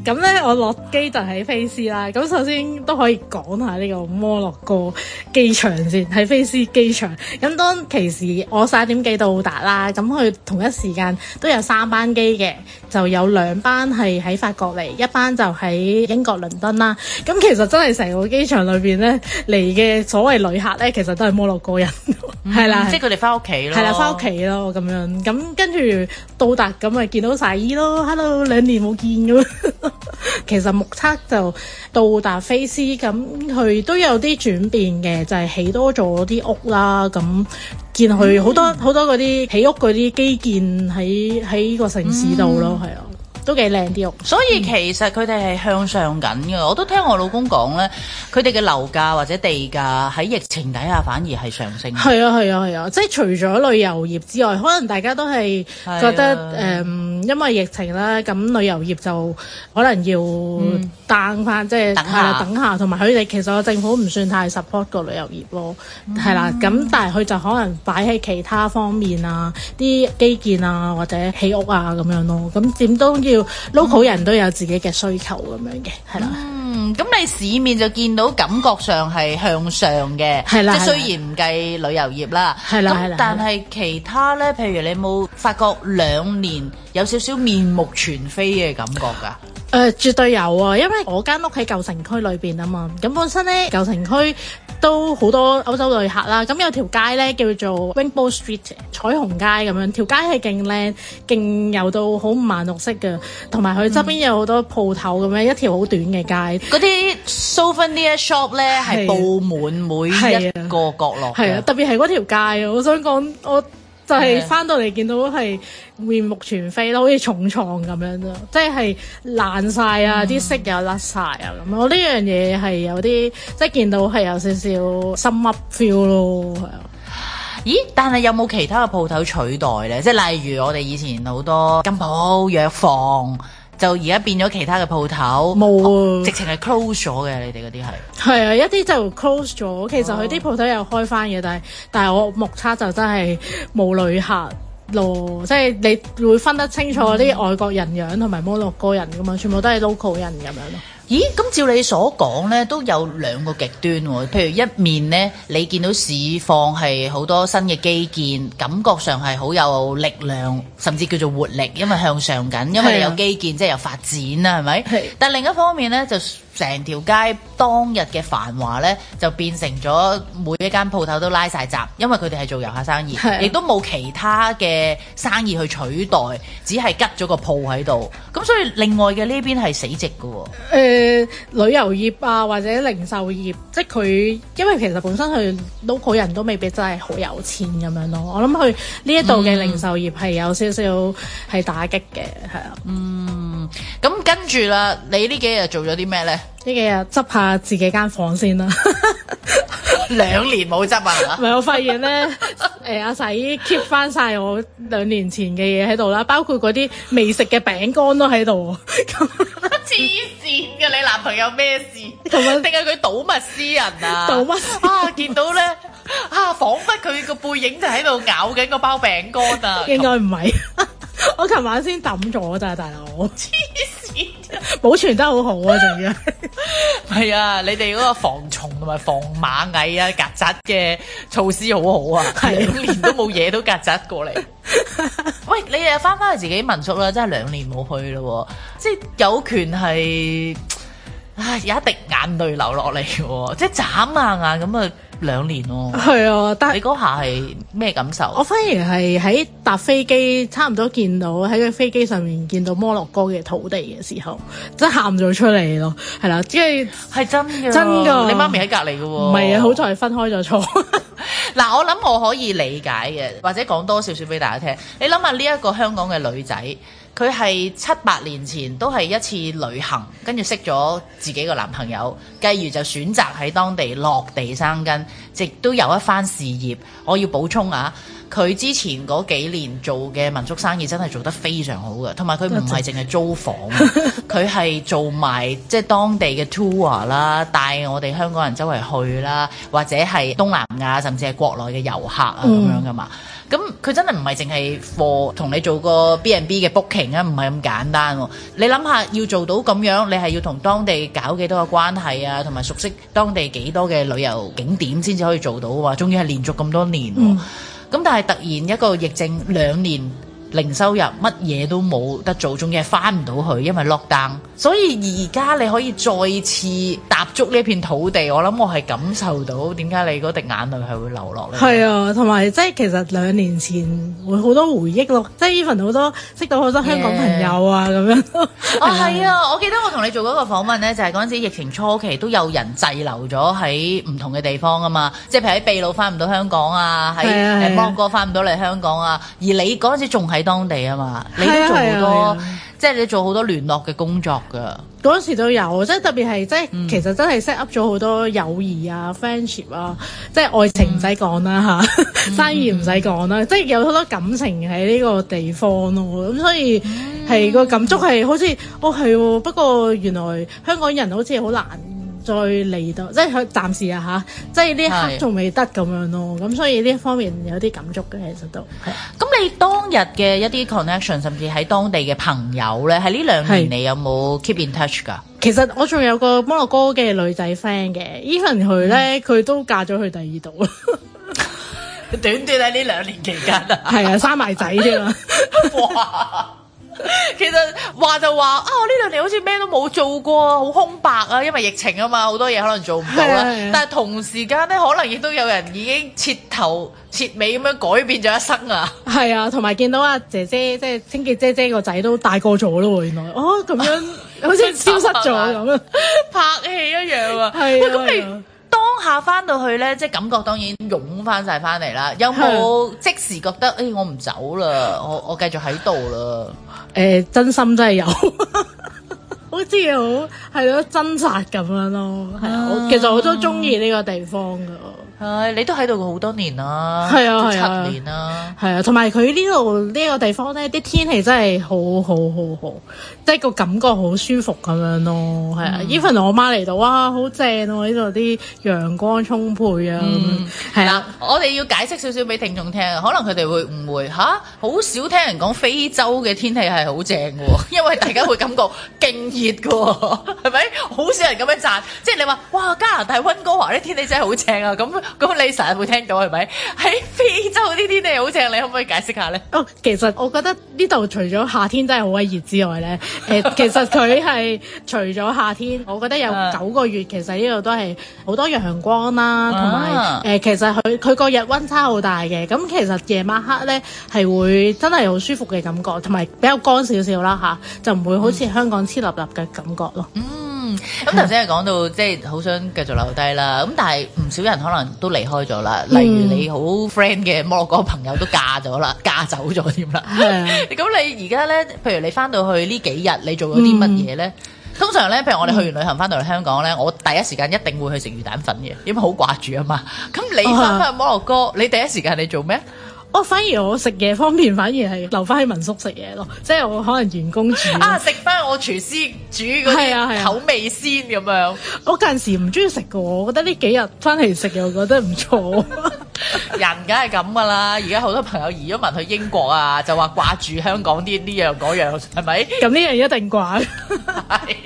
咁咧，我落機就喺菲斯啦。咁首先都可以講下呢個摩洛哥機場先，喺菲斯機場。咁當其時我十一點幾到達啦，咁佢同一時間都有三班機嘅，就有兩班係喺法國嚟，一班就喺英國倫敦啦。咁其實真係成個機場裏邊咧嚟嘅所謂旅客咧，其實都係摩洛哥人，係、嗯、啦，嗯、是即係佢哋翻屋企咯，係啦，翻屋企咯咁樣。咁跟住到達咁咪見到晒姨咯，hello 兩年冇見咁。 其實目測就到達菲斯咁，佢都有啲轉變嘅，就係、是、起多咗啲屋啦。咁見佢好多好、嗯、多嗰啲起屋嗰啲基建喺喺個城市度咯，係啊、嗯。都幾靚啲喎，所以其實佢哋係向上緊嘅。嗯、我都聽我老公講咧，佢哋嘅樓價或者地價喺疫情底下反而係上升。係啊，係啊，係啊，啊！即係除咗旅遊業之外，可能大家都係覺得誒、啊呃，因為疫情啦，咁旅遊業就可能要 down 翻，即係等下等下。同埋佢哋其實政府唔算太 support 個旅遊業咯，係啦、嗯。咁、啊、但係佢就可能擺喺其他方面啊，啲基建啊或者起屋啊咁樣咯。咁點都要。local、嗯、人都有自己嘅需求咁樣嘅，係啦。嗯，咁你市面就見到感覺上係向上嘅，係啦的，即係雖然唔計旅遊業啦，係啦，但係其他呢，譬如你冇發覺兩年有少少面目全非嘅感覺噶？誒、嗯呃，絕對有啊，因為我間屋喺舊城區裏邊啊嘛，咁本身呢，舊城區。都好多歐洲旅客啦，咁有條街咧叫做 Rainbow Street 彩虹街咁樣，條街係勁靚，勁遊到好蠻綠色嘅，同埋佢側邊有好多鋪頭咁樣，嗯、一條好短嘅街，嗰啲 Souvenir Shop 咧係是佈滿每一個角落，係啊，啊，特別係嗰條街啊，我想講我。就係翻到嚟見到係面目全非、嗯、點點咯，好似重創咁樣咯，即係爛晒啊，啲色又甩晒啊咁。我呢樣嘢係有啲即係見到係有少少心噏 feel 咯，係啊。咦？但係有冇其他嘅鋪頭取代咧？即係例如我哋以前好多金鋪藥房。就而家變咗其他嘅鋪頭，冇沒啊、哦，直情係 close 咗嘅。你哋嗰啲係係啊，一啲就 close 咗。其實佢啲鋪頭又開返嘅、哦，但係但係我目測就真係冇旅客咯。即係你會分得清楚啲外國人樣同埋摩洛哥人噶嘛，嗯、全部都係 local 人咁樣咯。嗯嗯咦，咁照你所講呢，都有兩個極端喎。譬如一面呢，你見到市況係好多新嘅基建，感覺上係好有力量，甚至叫做活力，因為向上緊，因為你有基建、啊、即係有發展啦，係咪？是但另一方面呢，就，成條街當日嘅繁華呢，就變成咗每一間鋪頭都拉晒閘，因為佢哋係做遊客生意，亦都冇其他嘅生意去取代，只係吉咗個鋪喺度。咁所以另外嘅呢邊係死寂嘅。誒、呃，旅遊業啊，或者零售業，即係佢，因為其實本身佢 local 人都未必真係好有錢咁樣咯。我諗佢呢一度嘅零售業係有少少係打擊嘅，係啊。嗯，咁跟住啦，你呢幾日做咗啲咩呢？呢幾日執下自己間房間先啦，兩 年冇執啊！唔係我發現咧，誒阿細姨 keep 翻晒我兩年前嘅嘢喺度啦，包括嗰啲未食嘅餅乾都喺度，黐線嘅你男朋友咩事？同埋定係佢倒物私人啊？倒 物 啊！見到咧啊，仿佛佢個背影就喺度咬緊個包餅乾啊！ 應該唔係，我琴晚先抌咗咋大佬？黐線！保存得好、哦、 好啊，仲要係啊！ 你哋嗰個防蟲同埋防螞蟻啊、曱甴嘅措施好好啊，兩年都冇嘢，都曱甴過嚟。喂，你哋翻翻去自己民宿啦，真係兩年冇去咯，即係有權係，唉，有一滴眼淚流落嚟嘅，即係眨下眼咁啊！兩年咯、啊，係啊！但係你嗰下係咩感受？我反而係喺搭飛機，差唔多見到喺個飛機上面見到摩洛哥嘅土地嘅時候，真係喊咗出嚟咯，係啦，即係係真嘅，真嘅，你媽咪喺隔離嘅喎，唔係啊，好彩係分開咗坐。嗱，我諗我可以理解嘅，或者講多少少俾大家聽。你諗下呢一個香港嘅女仔。佢係七八年前都係一次旅行，跟住識咗自己個男朋友，繼而就選擇喺當地落地生根，亦都有一番事業。我要補充啊，佢之前嗰幾年做嘅民宿生意真係做得非常好嘅，同埋佢唔係淨係租房，佢係 做埋即係當地嘅 tour 啦，帶我哋香港人周圍去啦，或者係東南亞甚至係國內嘅遊客啊咁樣噶嘛。嗯咁佢真係唔係淨係貨同你做個 B and B 嘅 booking 啊，唔係咁簡單喎。你諗下要做到咁樣，你係要同當地搞幾多個關係啊，同埋熟悉當地幾多嘅旅遊景點先至可以做到喎、啊。終於係連續咁多年、啊，咁、嗯、但係突然一個疫症兩年。嗯零收入，乜嘢都冇得做，仲要係翻唔到去，因為 lockdown。所以而家你可以再次踏足呢片土地，我諗我係感受到點解你嗰滴眼淚係會流落嚟，係啊，同埋即係其實兩年前，會好多回憶咯，即係 even 好多識到好多香港朋友啊，咁 Yeah. 樣、嗯、哦，係啊，我記得我同你做嗰個訪問咧，就係嗰陣時疫情初期都有人滯留咗喺唔同嘅地方啊嘛，即係譬如喺秘魯翻唔到香港啊，喺芒哥翻唔到嚟香港啊，而你嗰陣時仲係。喺當地啊嘛，你都做好多，啊啊啊、即係你做好多聯絡嘅工作㗎。嗰陣時都有，即係特別係，即係、嗯、其實真係 set up 咗好多友誼啊，friendship 啊，即係愛情唔使講啦吓，嗯、 生意唔使講啦，嗯、即係有好多感情喺呢個地方咯、啊。咁所以係、嗯、個感觸係好似，哦係、啊、不過原來香港人好似好難。再嚟到，即係佢暫時啊吓，即係呢一刻仲未得咁樣咯，咁是、嗯、所以呢一方面有啲感觸嘅，其實都。咁你當日嘅一啲 connection，甚至喺當地嘅朋友咧，喺呢兩年你有冇 keep in touch 噶？是其實我仲有個摩洛哥嘅女仔 friend 嘅，even 佢咧，佢、嗯、都嫁咗去第二度， 短短喺呢兩年期間啊，係 啊，生埋仔啫嘛。 哇！ 其實話就話啊，呢兩年好似咩都冇做過，好空白啊，因為疫情啊嘛，好多嘢可能做唔到啦。啊、但係同時間咧，可能亦都有人已經徹頭徹尾咁樣改變咗一生啊。係啊，同埋見到阿姐姐，即係清潔姐姐個仔都大個咗咯，原來哦咁、啊、樣，好似消失咗咁 啊，啊，拍戲一樣啊。係啊。當下翻到去咧，即係感覺當然湧翻晒翻嚟啦。有冇即時覺得誒、 哎，我唔走啦，我我繼續喺度啦？誒、欸，真心真係有 好，好似好係咯掙扎咁樣咯。係啊，我其實我都中意呢個地方噶。誒，你都喺度過好多年啦，係啊，七年啦，係啊，同埋佢呢度呢個地方咧，啲天氣真係好好好好，好，即係個感覺好舒服咁樣咯，係、嗯、啊。Even 我媽嚟到，哇，好正喎！呢度啲陽光充沛啊，係啦、嗯啊。我哋要解釋少少俾聽眾聽，可能佢哋會誤會吓，好少聽人講非洲嘅天氣係好正嘅喎，因為大家會感覺勁熱嘅喎，係咪？ 好少人咁樣讚，即係你話哇，加拿大溫哥華啲天氣真係好正啊咁。咁你成日會聽到係咪？喺 非洲啲天氣好正，你可唔可以解釋下咧？哦，其實我覺得呢度除咗夏天真係好鬼熱之外咧，誒、 呃，其實佢係除咗夏天， 我覺得有九個月其實呢度都係好多陽光啦，同埋誒，其實佢佢個日温差好大嘅，咁、嗯、其實夜晚黑咧係會真係好舒服嘅感覺，同埋比較乾少少啦吓，就唔會好似香港黐立立嘅感覺咯。嗯，咁頭先係講到即係好想繼續留低啦，咁但係唔少人可能、嗯。都離開咗啦，嗯、例如你好 friend 嘅摩洛哥朋友都嫁咗啦， 嫁走咗添啦。咁 你而家呢？譬如你翻到去呢幾日，你做咗啲乜嘢呢？嗯、通常呢，譬如我哋去完旅行翻到嚟香港呢，我第一時間一定會去食魚蛋粉嘅，因為好掛住啊嘛。咁 你翻翻去摩洛哥， 你第一時間你做咩？我、哦、反而我食嘢方面反而係留翻喺民宿食嘢咯。即係我可能員工煮啊，食翻我廚師煮嗰啲口味鮮咁、啊啊、樣。我近時唔中意食嘅，我覺得呢幾日翻嚟食又覺得唔錯。 人梗係咁噶啦，而家好多朋友移咗民去英國啊，就話掛住香港啲呢樣嗰樣，係咪？咁呢、嗯、樣一定掛。係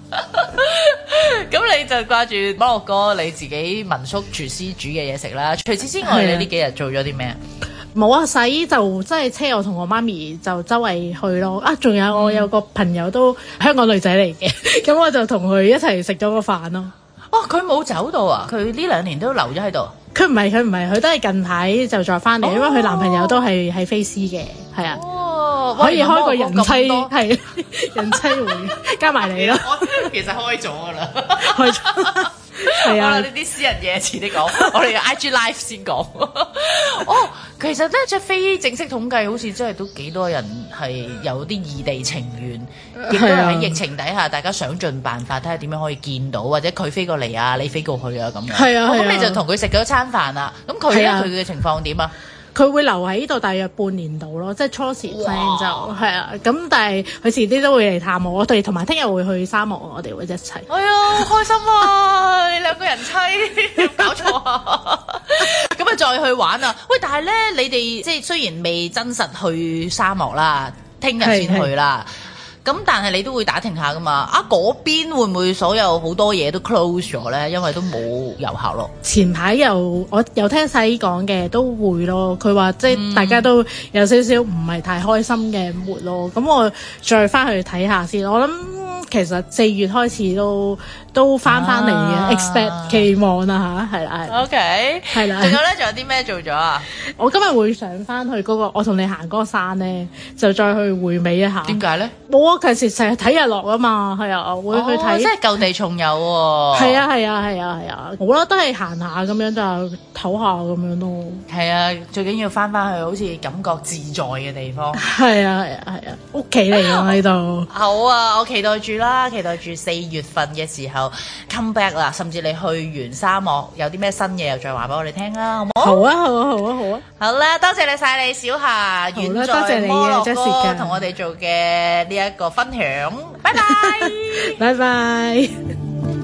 咁 是、啊、 你就掛住摩洛哥你自己民宿廚師煮嘅嘢食啦。除此之外，你呢幾日做咗啲咩啊？ 冇啊！使就即係車我同我媽咪就周圍去咯。啊，仲有我有個朋友、嗯、都香港女仔嚟嘅，咁、 嗯、我就同佢一齊食咗個飯咯。哦，佢冇走到啊！佢呢兩年都留咗喺度。佢唔係，佢唔係，佢都係近排就再翻嚟，哦、因為佢男朋友都係喺菲斯嘅，係啊。哦、可以開個人妻係 人妻會，加埋你咯。 其實開咗噶啦，開咗。係 啊，呢啲私人嘢，遲啲講， 我哋 IG live 先講。 哦，其實咧，即係非正式統計，好似真係都幾多人係有啲異地情緣，亦都人喺疫情底下，大家想盡辦法睇下點樣可以見到，或者佢飛過嚟啊，你飛過去啊咁。係 啊，咁、啊哦嗯、你就同佢食咗餐飯、嗯、啊，咁佢而家佢嘅情況點啊？佢會留喺呢度大約半年度咯，即係初時 friend 就係啊，咁，哇但係佢遲啲都會嚟探我，我哋同埋聽日會去沙漠，我哋會一齊。哎呀，好開心啊！ 你兩個人妻搞錯，咁啊再去玩啊！喂，但係咧，你哋即係雖然未真實去沙漠啦，聽日先去啦。的咁但係你都會打聽下噶嘛？啊嗰邊會唔會所有好多嘢都 close 咗呢？因為都冇遊客咯。前排又，我有聽細姨講嘅，都會咯。佢話即係大家都有少少唔係太開心嘅活咯。咁我再翻去睇下先。我諗。其實四月開始都都翻翻嚟嘅 expect 期望啦，吓，係啦 OK 係啦。仲有咧，仲有啲咩做咗啊？我今日會上翻去嗰個我同你行嗰山咧，就再去回味一下。點解咧？冇啊！平時成日睇日落啊嘛，係啊，我會去睇即係舊地重遊喎。係啊係啊係啊係啊！好啦，都係行下咁樣就唞下咁樣咯。係啊，最緊要翻翻去好似感覺自在嘅地方。係啊係啊係啊，屋企嚟㗎呢度。好啊，我期待住啦～期待住四月份嘅時候 come back 啦，甚至你去完沙漠有啲咩新嘢又再話俾我哋聽啦，好唔好？好啊好啊好啊好啊，好啦、啊啊啊，多謝你晒，你小夏遠吧在摩洛哥同我哋做嘅呢一個分享，拜拜，拜拜。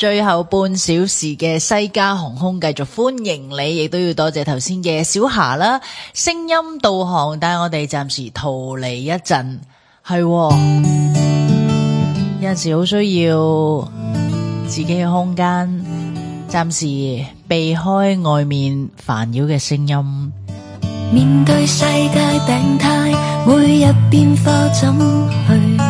最後半小時嘅西加航空繼續歡迎你，亦都要多謝頭先嘅小霞啦，聲音導航，帶我哋暫時逃離一陣，係、哦、有陣時好需要自己嘅空間，暫時避開外面煩擾嘅聲音，面對世界病態，每日變化怎去？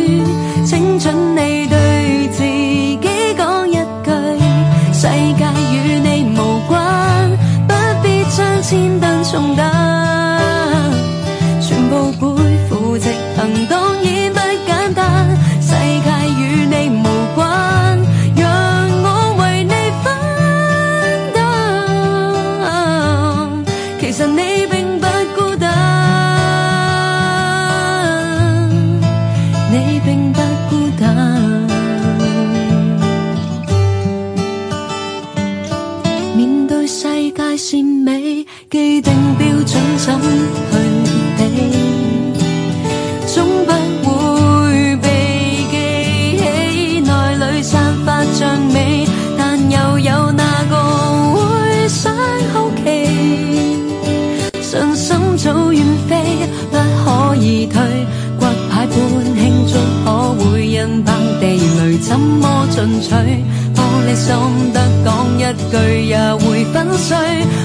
進取，玻璃心，得講一句也會粉碎。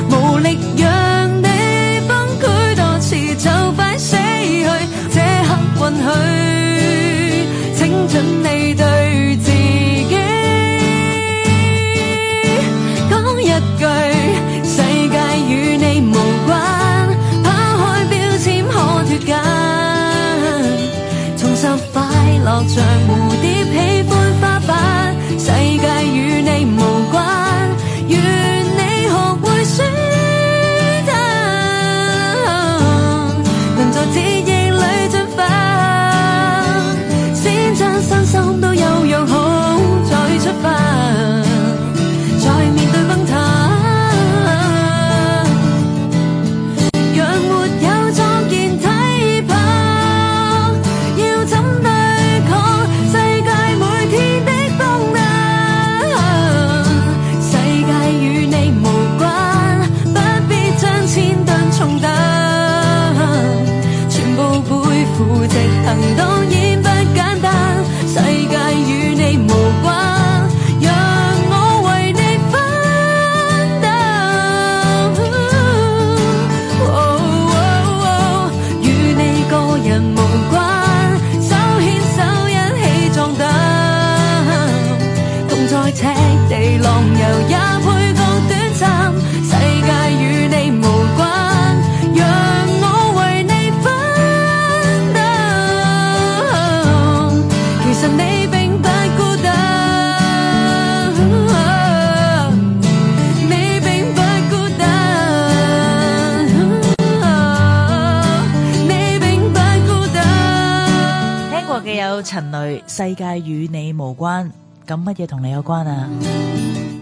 世界與你無關，咁乜嘢同你有關啊？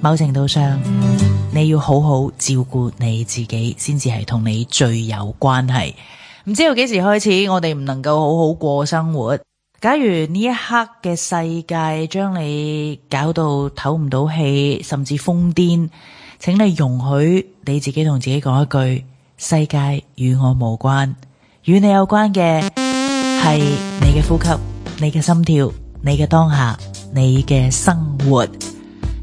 某程度上，你要好好照顧你自己，先至係同你最有關係。唔知道幾時開始，我哋唔能夠好好過生活。假如呢一刻嘅世界將你搞到唞唔到氣，甚至瘋癲，請你容許你自己同自己講一句：世界與我無關，與你有關嘅係你嘅呼吸，你嘅心跳。你嘅當下，你嘅生活，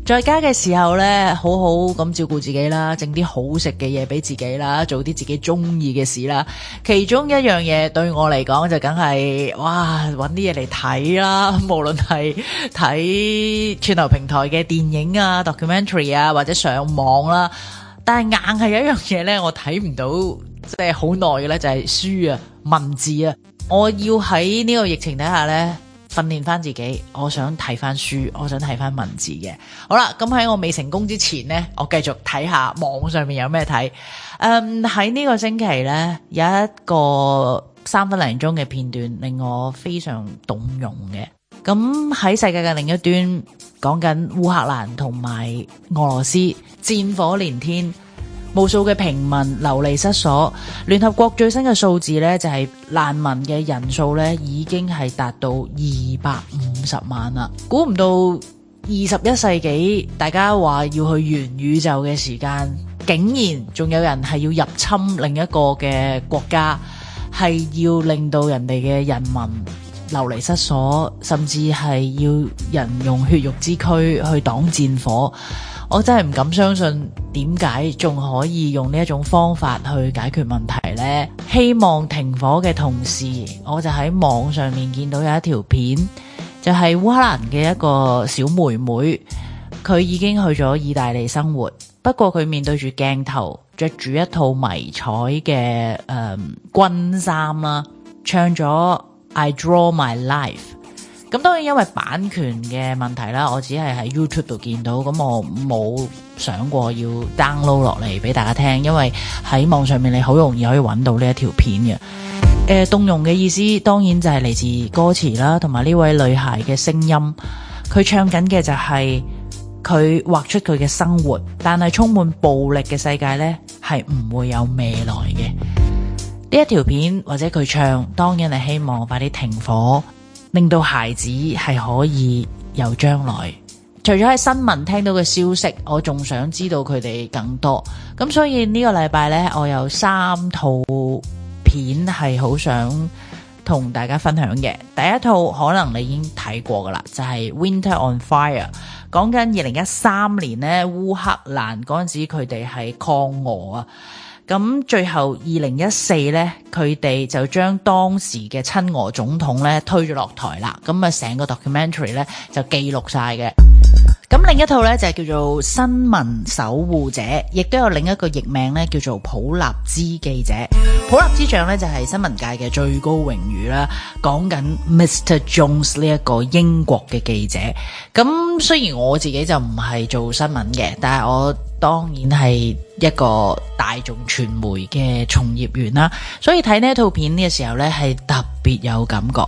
在家嘅時候咧，好好咁照顧自己啦，整啲好食嘅嘢俾自己啦，做啲自己中意嘅事啦。其中一樣嘢對我嚟講就梗係，哇，搵啲嘢嚟睇啦。無論係睇串流平台嘅電影啊、documentary 啊，或者上網啦。但係硬係有一樣嘢咧，我睇唔到，即係好耐嘅咧，就係書啊、文字啊。我要喺呢個疫情底下咧。訓練翻自己，我想睇翻書，我想睇翻文字嘅。好啦，咁喺我未成功之前呢，我繼續睇下網上面有咩睇。誒、嗯，喺呢個星期呢，有一個三分零鐘嘅片段令我非常動容嘅。咁喺世界嘅另一端，講緊烏克蘭同埋俄羅斯戰火連天。無數嘅平民流離失所，聯合國最新嘅數字呢，就係難民嘅人數呢已經係達到二百五十萬啦。估唔到二十一世紀，大家話要去元宇宙嘅時間，竟然仲有人係要入侵另一個嘅國家，係要令到人哋嘅人民流離失所，甚至係要人用血肉之軀去擋戰火。我真係唔敢相信，點解仲可以用呢一種方法去解決問題呢？希望停火嘅同時，我就喺網上面見到有一條片，就係烏克蘭嘅一個小妹妹，佢已經去咗意大利生活。不過佢面對住鏡頭，着住一套迷彩嘅誒、嗯、軍衫啦、啊，唱咗 I Draw My Life。咁當然因為版權嘅問題啦，我只係喺 YouTube 度見到，咁我冇想過要 download 落嚟俾大家聽，因為喺網上面你好容易可以揾到呢一條片嘅。誒、呃、動容嘅意思當然就係嚟自歌詞啦，同埋呢位女孩嘅聲音，佢唱緊嘅就係佢畫出佢嘅生活，但係充滿暴力嘅世界呢，係唔會有未來嘅。呢一條片或者佢唱，當然係希望快啲停火。令到孩子係可以有將來。除咗喺新聞聽到嘅消息，我仲想知道佢哋更多。咁所以呢個禮拜呢，我有三套片係好想同大家分享嘅。第一套可能你已經睇過噶啦，就係、是、Winter on Fire，講緊二零一三年呢，烏克蘭嗰陣時佢哋係抗俄啊。咁最後二零一四咧，佢哋就將當時嘅親俄總統推咗落台啦。咁啊，成個 documentary 咧就記錄曬嘅。咁另一套呢，就係叫做《新聞守護者》，亦都有另一個譯名呢叫做《普立茲記者》。普立茲獎呢，就係新聞界嘅最高榮譽啦。講緊 Mr. Jones 呢一個英國嘅記者。咁雖然我自己就唔係做新聞嘅，但係我當然係一個大眾傳媒嘅從業員啦。所以睇呢一套片嘅時候呢，係特別有感覺。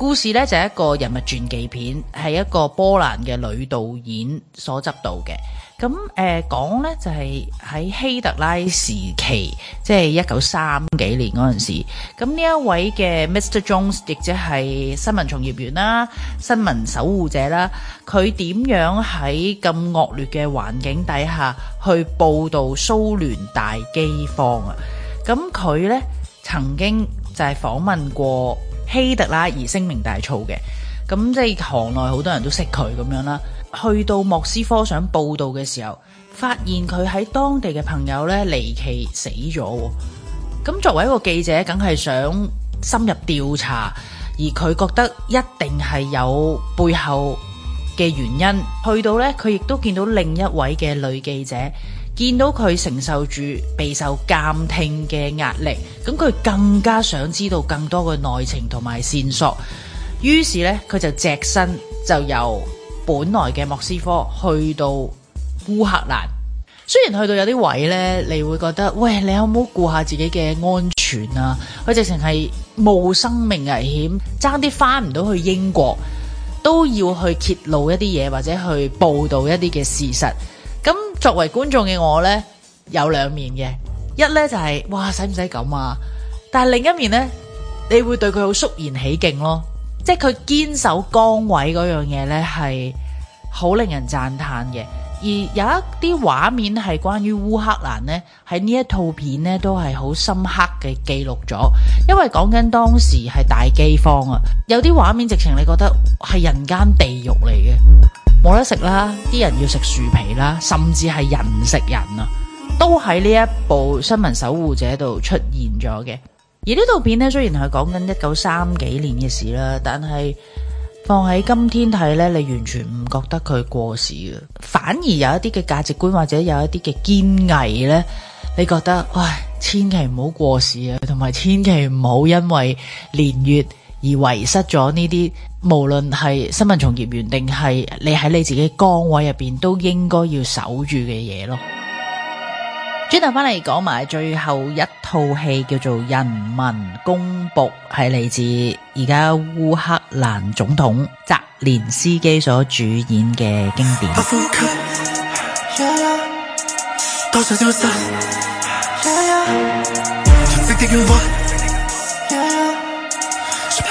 故事呢，就係、是、一個人物傳記片，係一個波蘭嘅女導演所執導嘅。咁誒、呃、講咧就係、是、喺希特拉時期，即係一九三幾年嗰陣時。咁呢一位嘅 Mr. Jones，亦即係新聞從業員啦、新聞守護者啦，佢點樣喺咁惡劣嘅環境底下去報道蘇聯大饑荒啊？咁佢呢曾經就係訪問過。希特拉而聲名大噪嘅，咁即係行內好多人都識佢咁樣啦。去到莫斯科想報道嘅時候，發現佢喺當地嘅朋友咧離奇死咗。咁作為一個記者，梗係想深入調查，而佢覺得一定係有背後嘅原因。去到呢，佢亦都見到另一位嘅女記者。見到佢承受住備受監聽嘅壓力，咁佢更加想知道更多嘅內情同埋線索。於是呢，佢就隻身就由本來嘅莫斯科去到烏克蘭。雖然去到有啲位呢，你會覺得喂，你有冇顧下自己嘅安全啊？佢直情係冒生命危險，爭啲翻唔到去英國，都要去揭露一啲嘢，或者去報道一啲嘅事實。咁作為觀眾嘅我呢，有兩面嘅，一呢就係，哇使唔使咁啊？但係另一面呢，你會對佢好肅然起敬咯，即係佢堅守崗位嗰樣嘢呢，係好令人讚嘆嘅。而有一啲畫面係關於烏克蘭呢，喺呢一套片呢都係好深刻嘅記錄咗，因為講緊當時係大饑荒啊，有啲畫面直情你覺得係人間地獄嚟嘅。冇得食啦！啲人要食樹皮啦，甚至係人食人啊，都喺呢一部新聞守護者度出現咗嘅。而呢度片呢，雖然係講緊一九三幾年嘅事啦，但係放喺今天睇呢，你完全唔覺得佢過時啊！反而有一啲嘅價值觀或者有一啲嘅堅毅呢，你覺得，唉，千祈唔好過時啊，同埋千祈唔好因為年月。而遺失咗呢啲，無論係新聞從業員定係你喺你自己崗位入邊，都應該要守住嘅嘢咯。轉頭翻嚟講埋最後一套戲，叫做《人民公僕》，係嚟自而家烏克蘭總統澤連斯基所主演嘅經典。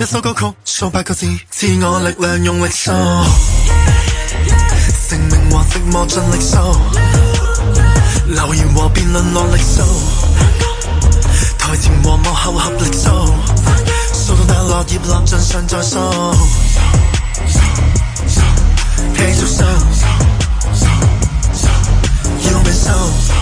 一首歌曲，數百個字，賜我力量用力數。成名和寂寞盡力數。留言和辯論落力數。台前和幕後合力數。數到那落葉落盡神再數。繼續數，要命數。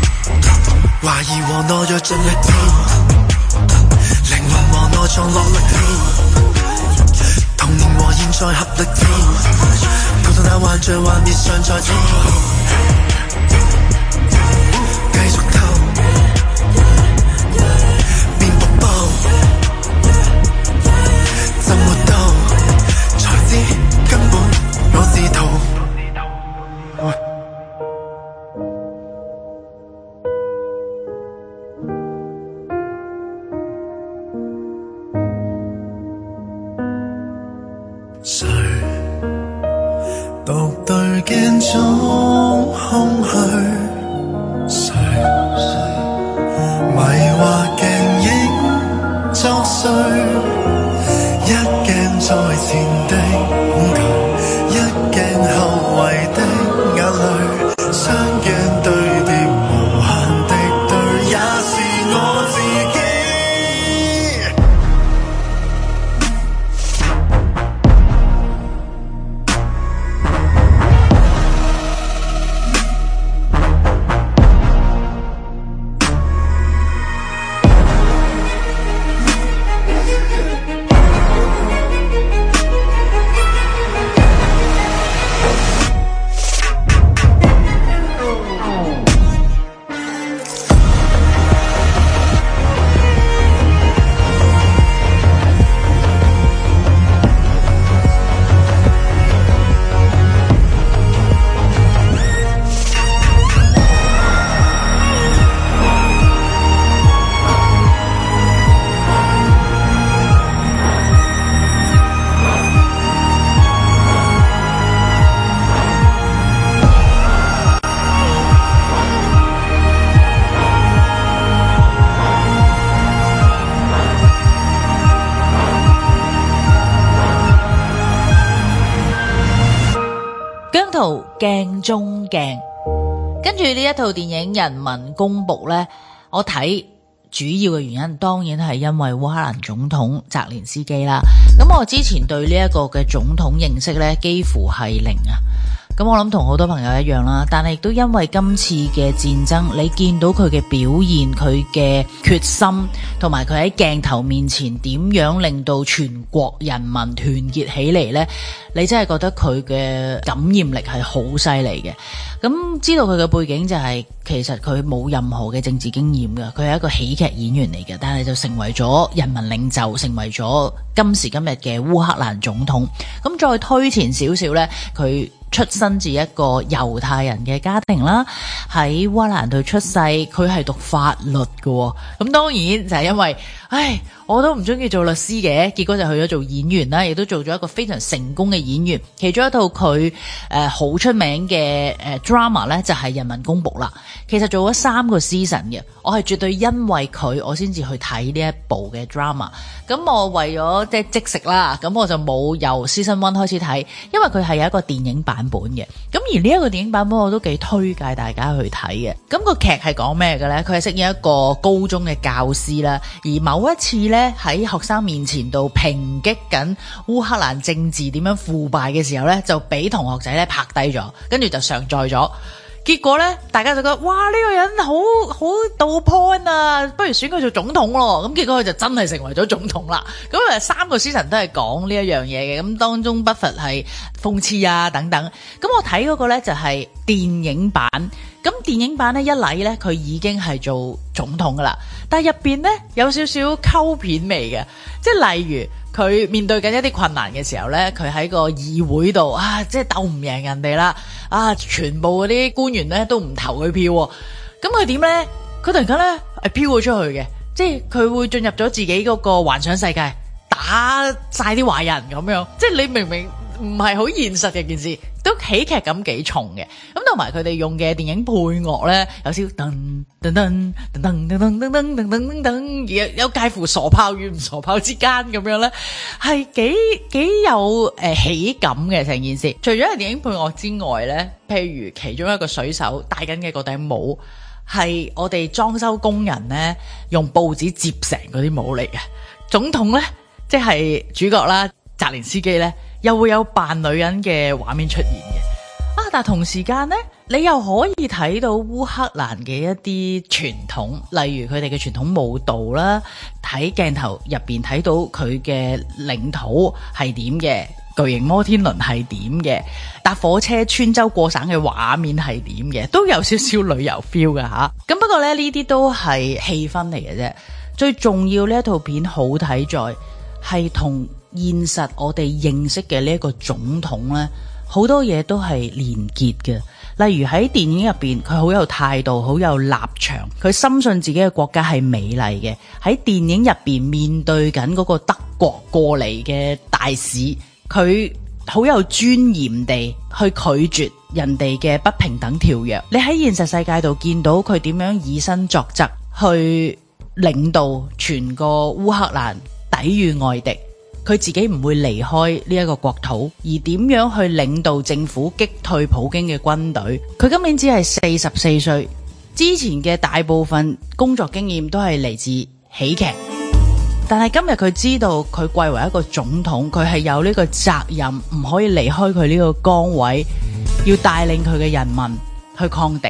懷疑和懦弱盡力跳，靈魂和內臟落力跳，童年和現在合力跳，構造那幻象幻滅常在跳。呢一套電影《人民公僕》呢，我睇主要嘅原因，當然係因為烏克蘭總統澤連斯基啦。咁我之前對呢一個嘅總統認識呢，幾乎係零啊。咁我諗同好多朋友一樣啦，但係亦都因為今次嘅戰爭，你見到佢嘅表現，佢嘅決心，同埋佢喺鏡頭面前點樣令到全國人民團結起嚟呢，你真係覺得佢嘅感染力係好犀利嘅。咁知道佢嘅背景就係、是，其實佢冇任何嘅政治經驗嘅，佢係一個喜劇演員嚟嘅，但係就成為咗人民領袖，成為咗今時今日嘅烏克蘭總統。咁再推前少少呢，佢。出生自一個猶太人嘅家庭啦，喺華蘭度出世，佢係讀法律嘅、哦。咁當然就係因為，唉，我都唔中意做律師嘅，結果就去咗做演員啦，亦都做咗一個非常成功嘅演員。其中一套佢誒好出名嘅誒 drama 呢，呃、就係、是《人民公僕》啦。其實做咗三個 season 嘅，我係絕對因為佢我先至去睇呢一部嘅 drama。咁、嗯、我為咗即即食啦，咁、嗯、我就冇由 season one 開始睇，因為佢係有一個電影版。版本嘅，咁而呢一個電影版本我都幾推介大家去睇嘅。咁個劇係講咩嘅呢？佢係飾演一個高中嘅教師啦，而某一次呢，喺學生面前度抨擊緊烏克蘭政治點樣腐敗嘅時候呢，就俾同學仔呢拍低咗，跟住就上載咗。結果呢，大家就覺得哇，呢、呢個人好好到 point 啊，不如選佢做總統咯。咁結果佢就真係成為咗總統啦。咁其實三個書神都係講呢一樣嘢嘅，咁當中不乏係諷刺啊等等。咁我睇嗰個呢，就係、是、電影版，咁電影版呢，一嚟呢，佢已經係做總統噶啦，但係入邊呢，有少少溝片味嘅，即係例如。佢面對緊一啲困難嘅時候咧，佢喺個議會度啊，即係鬥唔贏人哋啦，啊，全部嗰啲官員咧都唔投佢票，咁佢點咧？佢突然間咧係飄咗出去嘅，即係佢會進入咗自己嗰個幻想世界，打晒啲壞人咁樣，即係你明明唔係好現實嘅件事。都喜劇感幾重嘅，咁同埋佢哋用嘅電影配樂咧，有少少噔噔噔噔噔噔噔噔噔噔噔，有有介乎傻炮與唔傻炮之間咁樣咧，係幾幾有誒喜感嘅成件事。除咗係電影配樂之外咧，譬如其中一個水手戴緊嘅個頂帽係我哋裝修工人咧用報紙折成嗰啲帽嚟嘅。總統咧，即係主角啦，澤連斯基咧。又會有扮女人嘅畫面出現嘅啊！但同時間呢，你又可以睇到烏克蘭嘅一啲傳統，例如佢哋嘅傳統舞蹈啦，睇鏡頭入邊睇到佢嘅領土係點嘅，巨型摩天輪係點嘅，搭火車穿州過省嘅畫面係點嘅，都有少少旅遊 feel 㗎吓。咁、 啊、不過咧，呢啲都係氣氛嚟嘅啫。最重要呢一套片好睇在係同。現實我哋認識嘅呢一個總統呢，好多嘢都係連結嘅。例如喺電影入邊，佢好有態度，好有立場，佢深信自己嘅國家係美麗嘅。喺電影入邊面，面對緊嗰個德國過嚟嘅大使，佢好有尊嚴地去拒絕人哋嘅不平等條約。你喺現實世界度見到佢點樣以身作則去領導全個烏克蘭，抵禦外敵。佢自己唔會離開呢一個國土，而點樣去領導政府擊退普京嘅軍隊？佢今年只係四十四歲，之前嘅大部分工作經驗都係嚟自喜劇，但係今日佢知道佢貴為一個總統，佢係有呢個責任，唔可以離開佢呢個崗位，要帶領佢嘅人民去抗敵。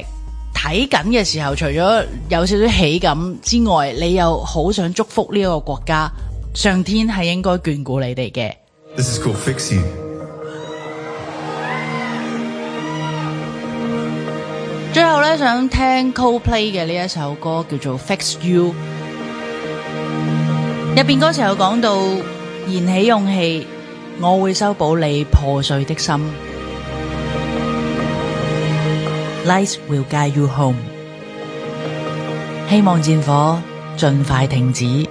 睇緊嘅時候，除咗有少少喜感之外，你又好想祝福呢個國家。上天係應該眷顧你哋嘅。This is called 最後咧，想聽 Coldplay 嘅呢一首歌，叫做《Fix You》。入邊嗰時候講到， 燃起勇氣，我會修補你破碎的心。Lights will guide you home。希望戰火盡快停止。